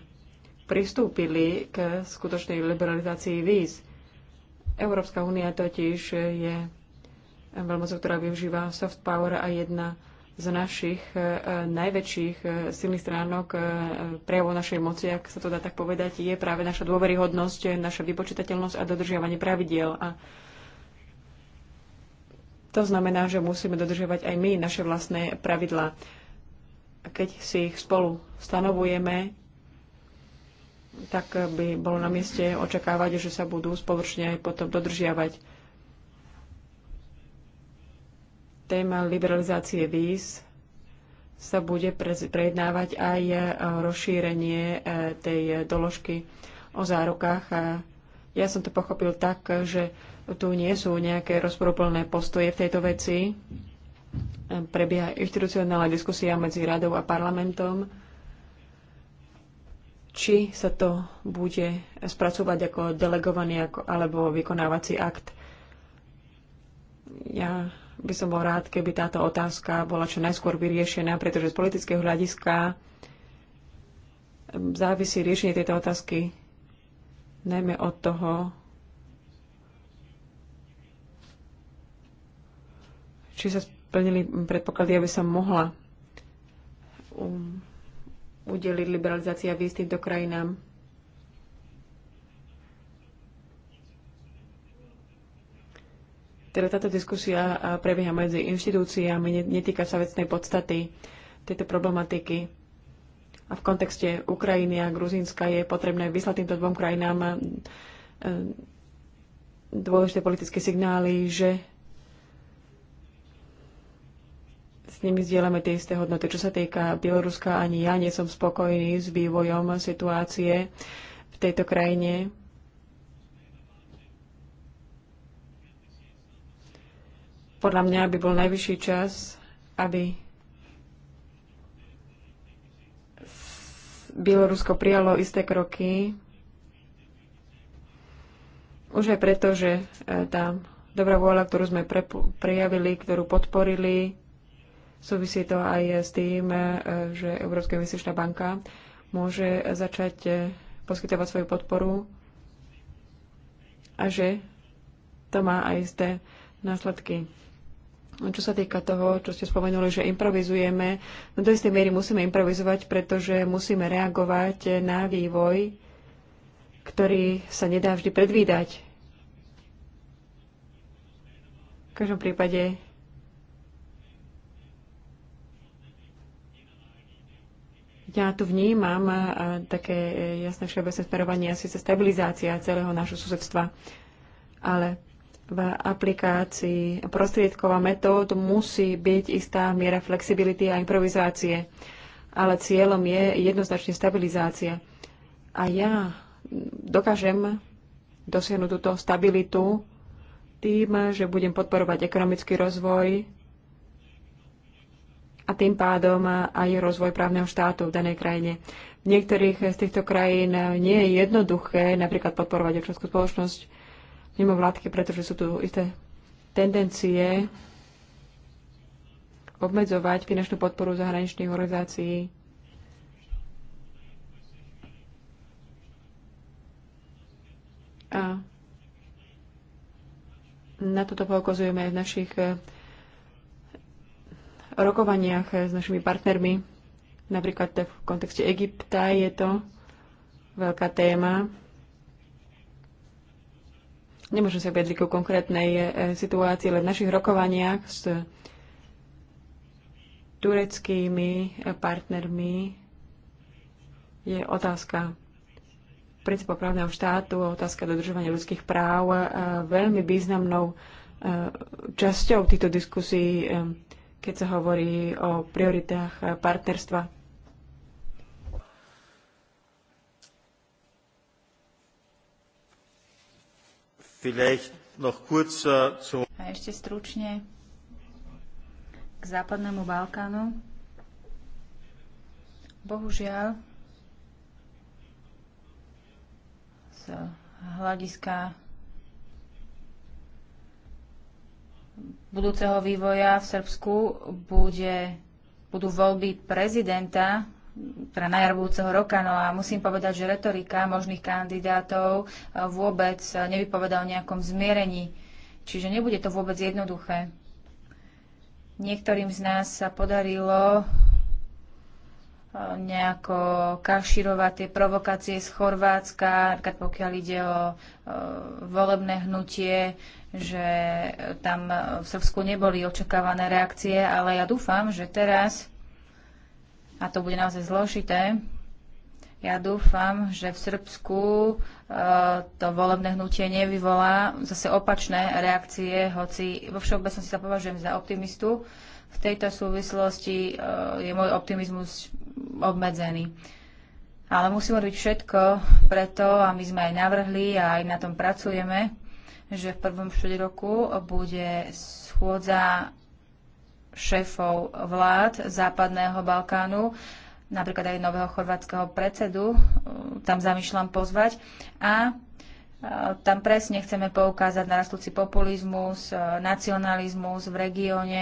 pristúpili k skutočnej liberalizácii víz. Európska únia totiž je veľmi, ktorá využíva soft power a jedna z našich e, najväčších e, silných stránok e, prejavov našej moci, ak sa to dá tak povedať, je práve naša dôveryhodnosť, naša vypočítateľnosť a dodržiavanie pravidiel. A to znamená, že musíme dodržiavať aj my naše vlastné pravidlá. A keď si ich spolu stanovujeme, tak by bolo na mieste očakávať, že sa budú spoločne potom dodržiavať téma liberalizácie víz sa bude prejednávať aj e, rozšírenie e, tej doložky o zárukách. A ja som to pochopil tak, že tu nie sú nejaké rozporúplné postoje v tejto veci. Prebieha inštitucionálna diskusia medzi radou a parlamentom, či sa to bude spracovať ako delegovaný alebo vykonávací akt. Ja by som bol rád, keby táto otázka bola čo najskôr vyriešená, pretože z politického hľadiska závisí riešenie tejto otázky najmä od toho, či sa splnili predpoklady, aby sa mohla um, udeliť liberalizácia výstup do krajinám. Teda táto diskusia prebieha medzi inštitúciami, netýka sa vecnej podstaty tejto problematiky. A v kontexte Ukrajiny a Gruzínska je potrebné vyslať týmto dvom krajinám e, dôležité politické signály, že s nimi zdieľame tie isté hodnoty. Čo sa týka Bieloruska, ani ja nie som spokojný s vývojom situácie v tejto krajine. Podľa mňa by bol najvyšší čas, aby Bielorusko prijalo isté kroky, už aj preto, že e, tá dobrá vôľa, ktorú sme prejavili, ktorú podporili, súvisí to aj s tým, e, že Európska investičná banka môže začať e, poskytovať svoju podporu a že to má aj isté následky. Čo sa týka toho, čo ste spomenuli, že improvizujeme, no do istej miery musíme improvizovať, pretože musíme reagovať na vývoj, ktorý sa nedá vždy predvídať. V každom prípade ja tu vnímam také jasné všeobecné smerovanie asi sa stabilizácia celého nášho susedstva. Ale v aplikácii prostriedkov a metód musí byť istá miera flexibility a improvizácie, ale cieľom je jednoznačne stabilizácia. A ja dokážem dosiahnuť túto stabilitu tým, že budem podporovať ekonomický rozvoj a tým pádom aj rozvoj právneho štátu v danej krajine. V niektorých z týchto krajín nie je jednoduché napríklad podporovať občianskú spoločnosť, mimo vládky, pretože sú tu isté tendencie obmedzovať finančnú podporu zahraničných organizácií. A na toto poukazujeme aj v našich eh, rokovaniach eh, s našimi partnermi. Napríklad v kontexte Egypta je to veľká téma. Nemôžem sa vedli ku konkrétnej e, situácii, ale v našich rokovaniach s tureckými e, partnermi je otázka princípov právneho štátu, otázka dodržovania ľudských práv e, veľmi významnou časťou týchto diskusí, keď sa hovorí o prioritách partnerstva. Vielleicht noch kurz äh, zu... A ešte stručne k západnému Balkánu. Bohužiaľ, z hľadiska budúceho vývoja v Srbsku bude, budú voľby prezidenta teda na jar budúceho roka. No a musím povedať, že retorika možných kandidátov eh, vôbec eh, nevypoveda o nejakom zmierení. Čiže nebude to vôbec jednoduché. Niektorým z nás sa podarilo eh, nejako kaširovať tie provokácie z Chorvátska, napríklad pokiaľ ide o volebné hnutie, že tam v Srbsku neboli očakávané reakcie, ale ja dúfam, že teraz a to bude naozaj zložité. Ja dúfam, že v Srbsku e, to volebné hnutie nevyvolá zase opačné reakcie, hoci vo všeobecnosti sa považujem za optimistu. V tejto súvislosti e, je môj optimizmus obmedzený. Ale musím robiť všetko preto, a my sme aj navrhli a aj na tom pracujeme, že v prvom štvrť roku bude schôdza šéfov vlád Západného Balkánu, napríklad aj nového chorvátskeho predsedu, e, tam zamýšľam pozvať. A e, tam presne chceme poukázať na rastúci populizmus, e, nacionalizmus v regióne,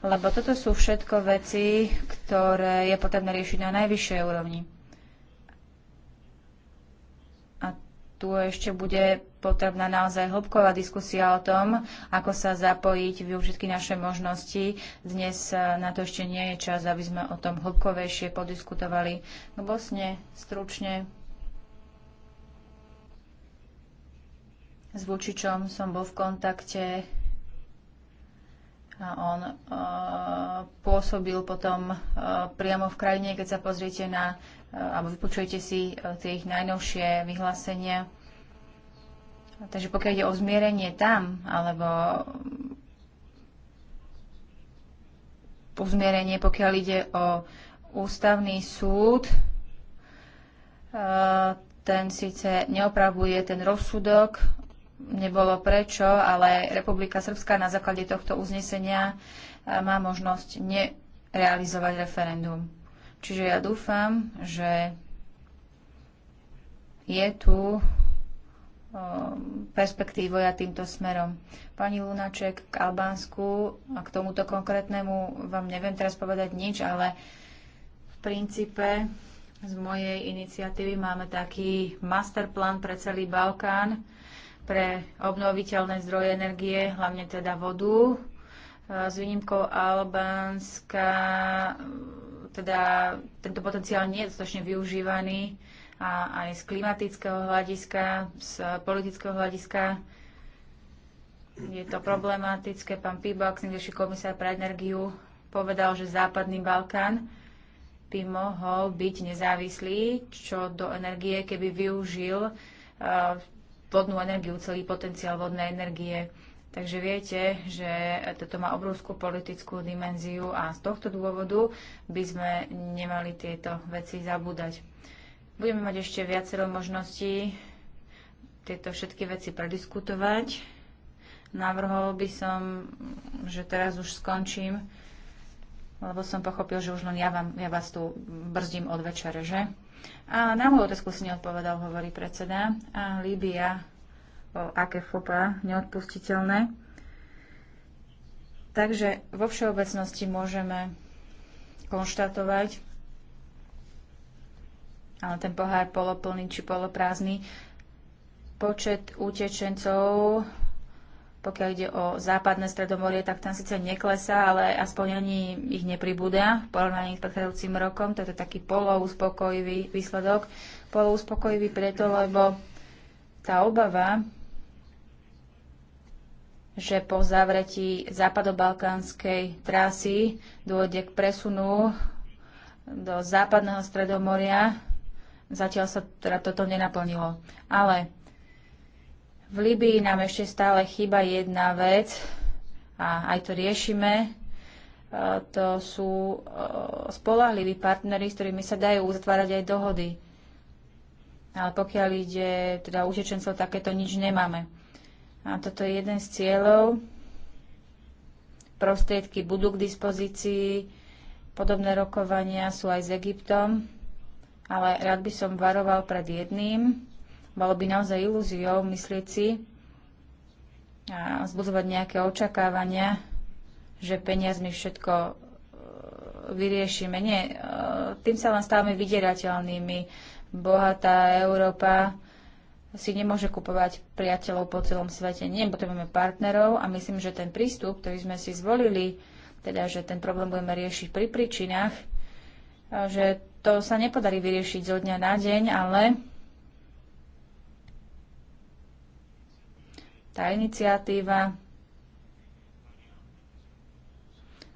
lebo toto sú všetko veci, ktoré je potrebné riešiť na najvyššej úrovni. A tu ešte bude potrebná naozaj hĺbková diskusia o tom, ako sa zapojiť, využiť naše možnosti. Dnes eh, na to ešte nie je čas, aby sme o tom hĺbkovejšie podiskutovali. K no, Bosne vlastne, stručne s Vučičom som bol v kontakte a on e, pôsobil potom e, priamo v krajine, keď sa pozriete na, e, alebo vypočujete si tie ich najnovšie vyhlásenia. Takže pokiaľ ide o zmierenie tam, alebo uzmierenie, pokiaľ ide o ústavný súd, e, ten síce neopravuje ten rozsudok, nebolo prečo, ale Republika Srbská na základe tohto uznesenia e, má možnosť nerealizovať referendum. Čiže ja dúfam, že je tu Um, perspektívou a týmto smerom. Pani Lunaček k Albánsku a k tomuto konkrétnemu vám neviem teraz povedať nič, ale v princípe z mojej iniciatívy máme taký masterplan pre celý Balkán pre obnoviteľné zdroje energie, hlavne teda vodu. Uh, s výnimkou Albánska, um, teda tento potenciál nie je dostatočne využívaný a aj z klimatického hľadiska, z politického hľadiska je to problematické. Pán Pibox, nekdejší komisár pre energiu, povedal, že Západný Balkán by mohol byť nezávislý čo do energie, keby využil e, vodnú energiu, celý potenciál vodnej energie. Takže viete, že toto má obrovskú politickú dimenziu a z tohto dôvodu by sme nemali tieto veci zabúdať. Budeme mať ešte viacero možností tieto všetky veci prediskutovať. Navrhol by som, že teraz už skončím, lebo som pochopil, že už len ja, vám, ja vás tu brzdím od večere, že? A na moju otázku si neodpovedal, hovorí predseda. A Líbia, o aké fopa neodpustiteľné. Takže vo všeobecnosti môžeme konštatovať, ale ten pohár poloplný či poloprázdny. Počet utečencov, pokiaľ ide o západné stredomorie, tak tam síce neklesá, ale aspoň ani ich nepribúda v porovnaní s predchádzajúcim rokom. To je taký polouspokojivý výsledok. polouspokojivý preto, lebo tá obava, že po zavretí západobalkánskej trasy dôjde k presunu do západného stredomoria Zatiaľ sa teda toto nenaplnilo. Ale v Libii nám ešte stále chýba jedna vec a aj to riešime. E, to sú e, spolahliví partnery, s ktorými sa dajú uzatvárať aj dohody. Ale pokiaľ ide teda utečencov, takéto nič nemáme. A toto je jeden z cieľov. Prostriedky budú k dispozícii. Podobné rokovania sú aj s Egyptom ale rád by som varoval pred jedným. Bolo by naozaj ilúziou myslieť si a zbudovať nejaké očakávania, že peniazmi všetko e, vyriešime. Nie, e, tým sa len stávame vydierateľnými. Bohatá Európa si nemôže kupovať priateľov po celom svete. Nie, potrebujeme partnerov a myslím, že ten prístup, ktorý sme si zvolili, teda, že ten problém budeme riešiť pri príčinách, že to sa nepodarí vyriešiť zo dňa na deň, ale tá iniciatíva,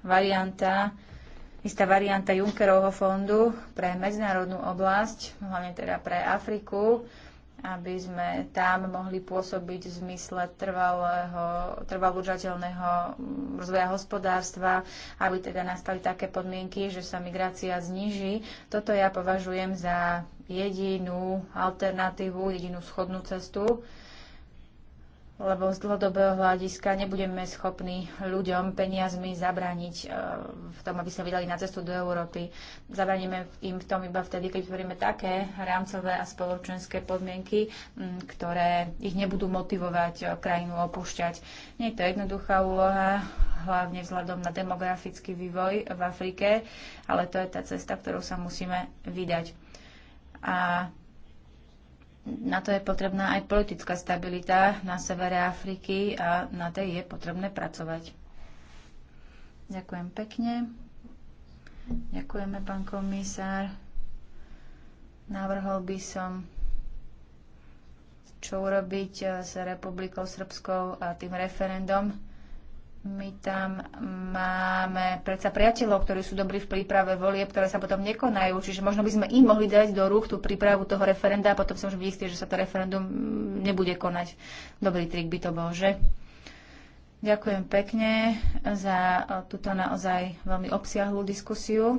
varianta, istá varianta Junckerovho fondu pre medzinárodnú oblasť, hlavne teda pre Afriku, aby sme tam mohli pôsobiť v zmysle trvalého, trvalo udržateľného rozvoja hospodárstva, aby teda nastali také podmienky, že sa migrácia zniží. Toto ja považujem za jedinú alternatívu, jedinú schodnú cestu, lebo z dlhodobého hľadiska nebudeme schopní ľuďom peniazmi zabrániť e, v tom, aby sa vydali na cestu do Európy. Zabraníme im v tom iba vtedy, keď vytvoríme také rámcové a spoločenské podmienky, ktoré ich nebudú motivovať e, krajinu opúšťať. Nie je to jednoduchá úloha, hlavne vzhľadom na demografický vývoj v Afrike, ale to je tá cesta, ktorou sa musíme vydať. A na to je potrebná aj politická stabilita na severe Afriky a na tej je potrebné pracovať. Ďakujem pekne. Ďakujeme, pán komisár. Navrhol by som, čo urobiť eh, s Republikou Srbskou a tým referendom. My tam máme predsa priateľov, ktorí sú dobrí v príprave volieb, ktoré sa potom nekonajú. Čiže možno by sme im mohli dať do rúk tú prípravu toho referenda a potom som už istý, že sa to referendum nebude konať. Dobrý trik by to bol, že? Ďakujem pekne za e, túto naozaj veľmi obsiahlú diskusiu.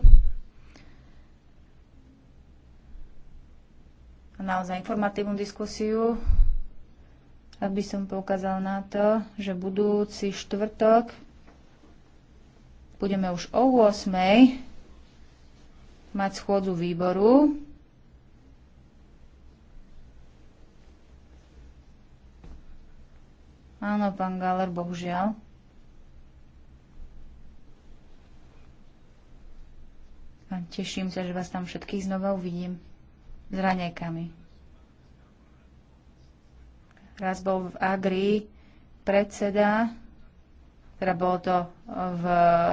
Naozaj informatívnu diskusiu. Aby som poukázal na to, že budúci štvrtok budeme už o 8 mať schôdzu výboru. Áno, pán Galer, bohužiaľ. A teším sa, že vás tam všetkých znova uvidím s ranejkami. Raz bol v Agri predseda, teda bolo to v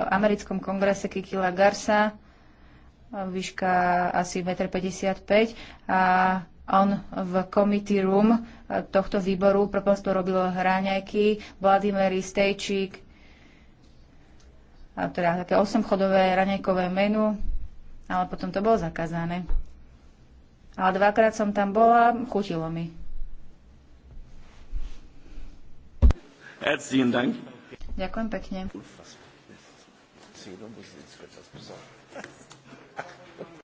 americkom kongrese Kikila Garsa, výška asi 1,55 m a on v committee room tohto výboru proponstvo robil hráňajky, Vladimír Stejčík, a teda také chodové raňajkové menu, ale potom to bolo zakázané. Ale dvakrát som tam bola, chutilo mi. Ďakujem pekne.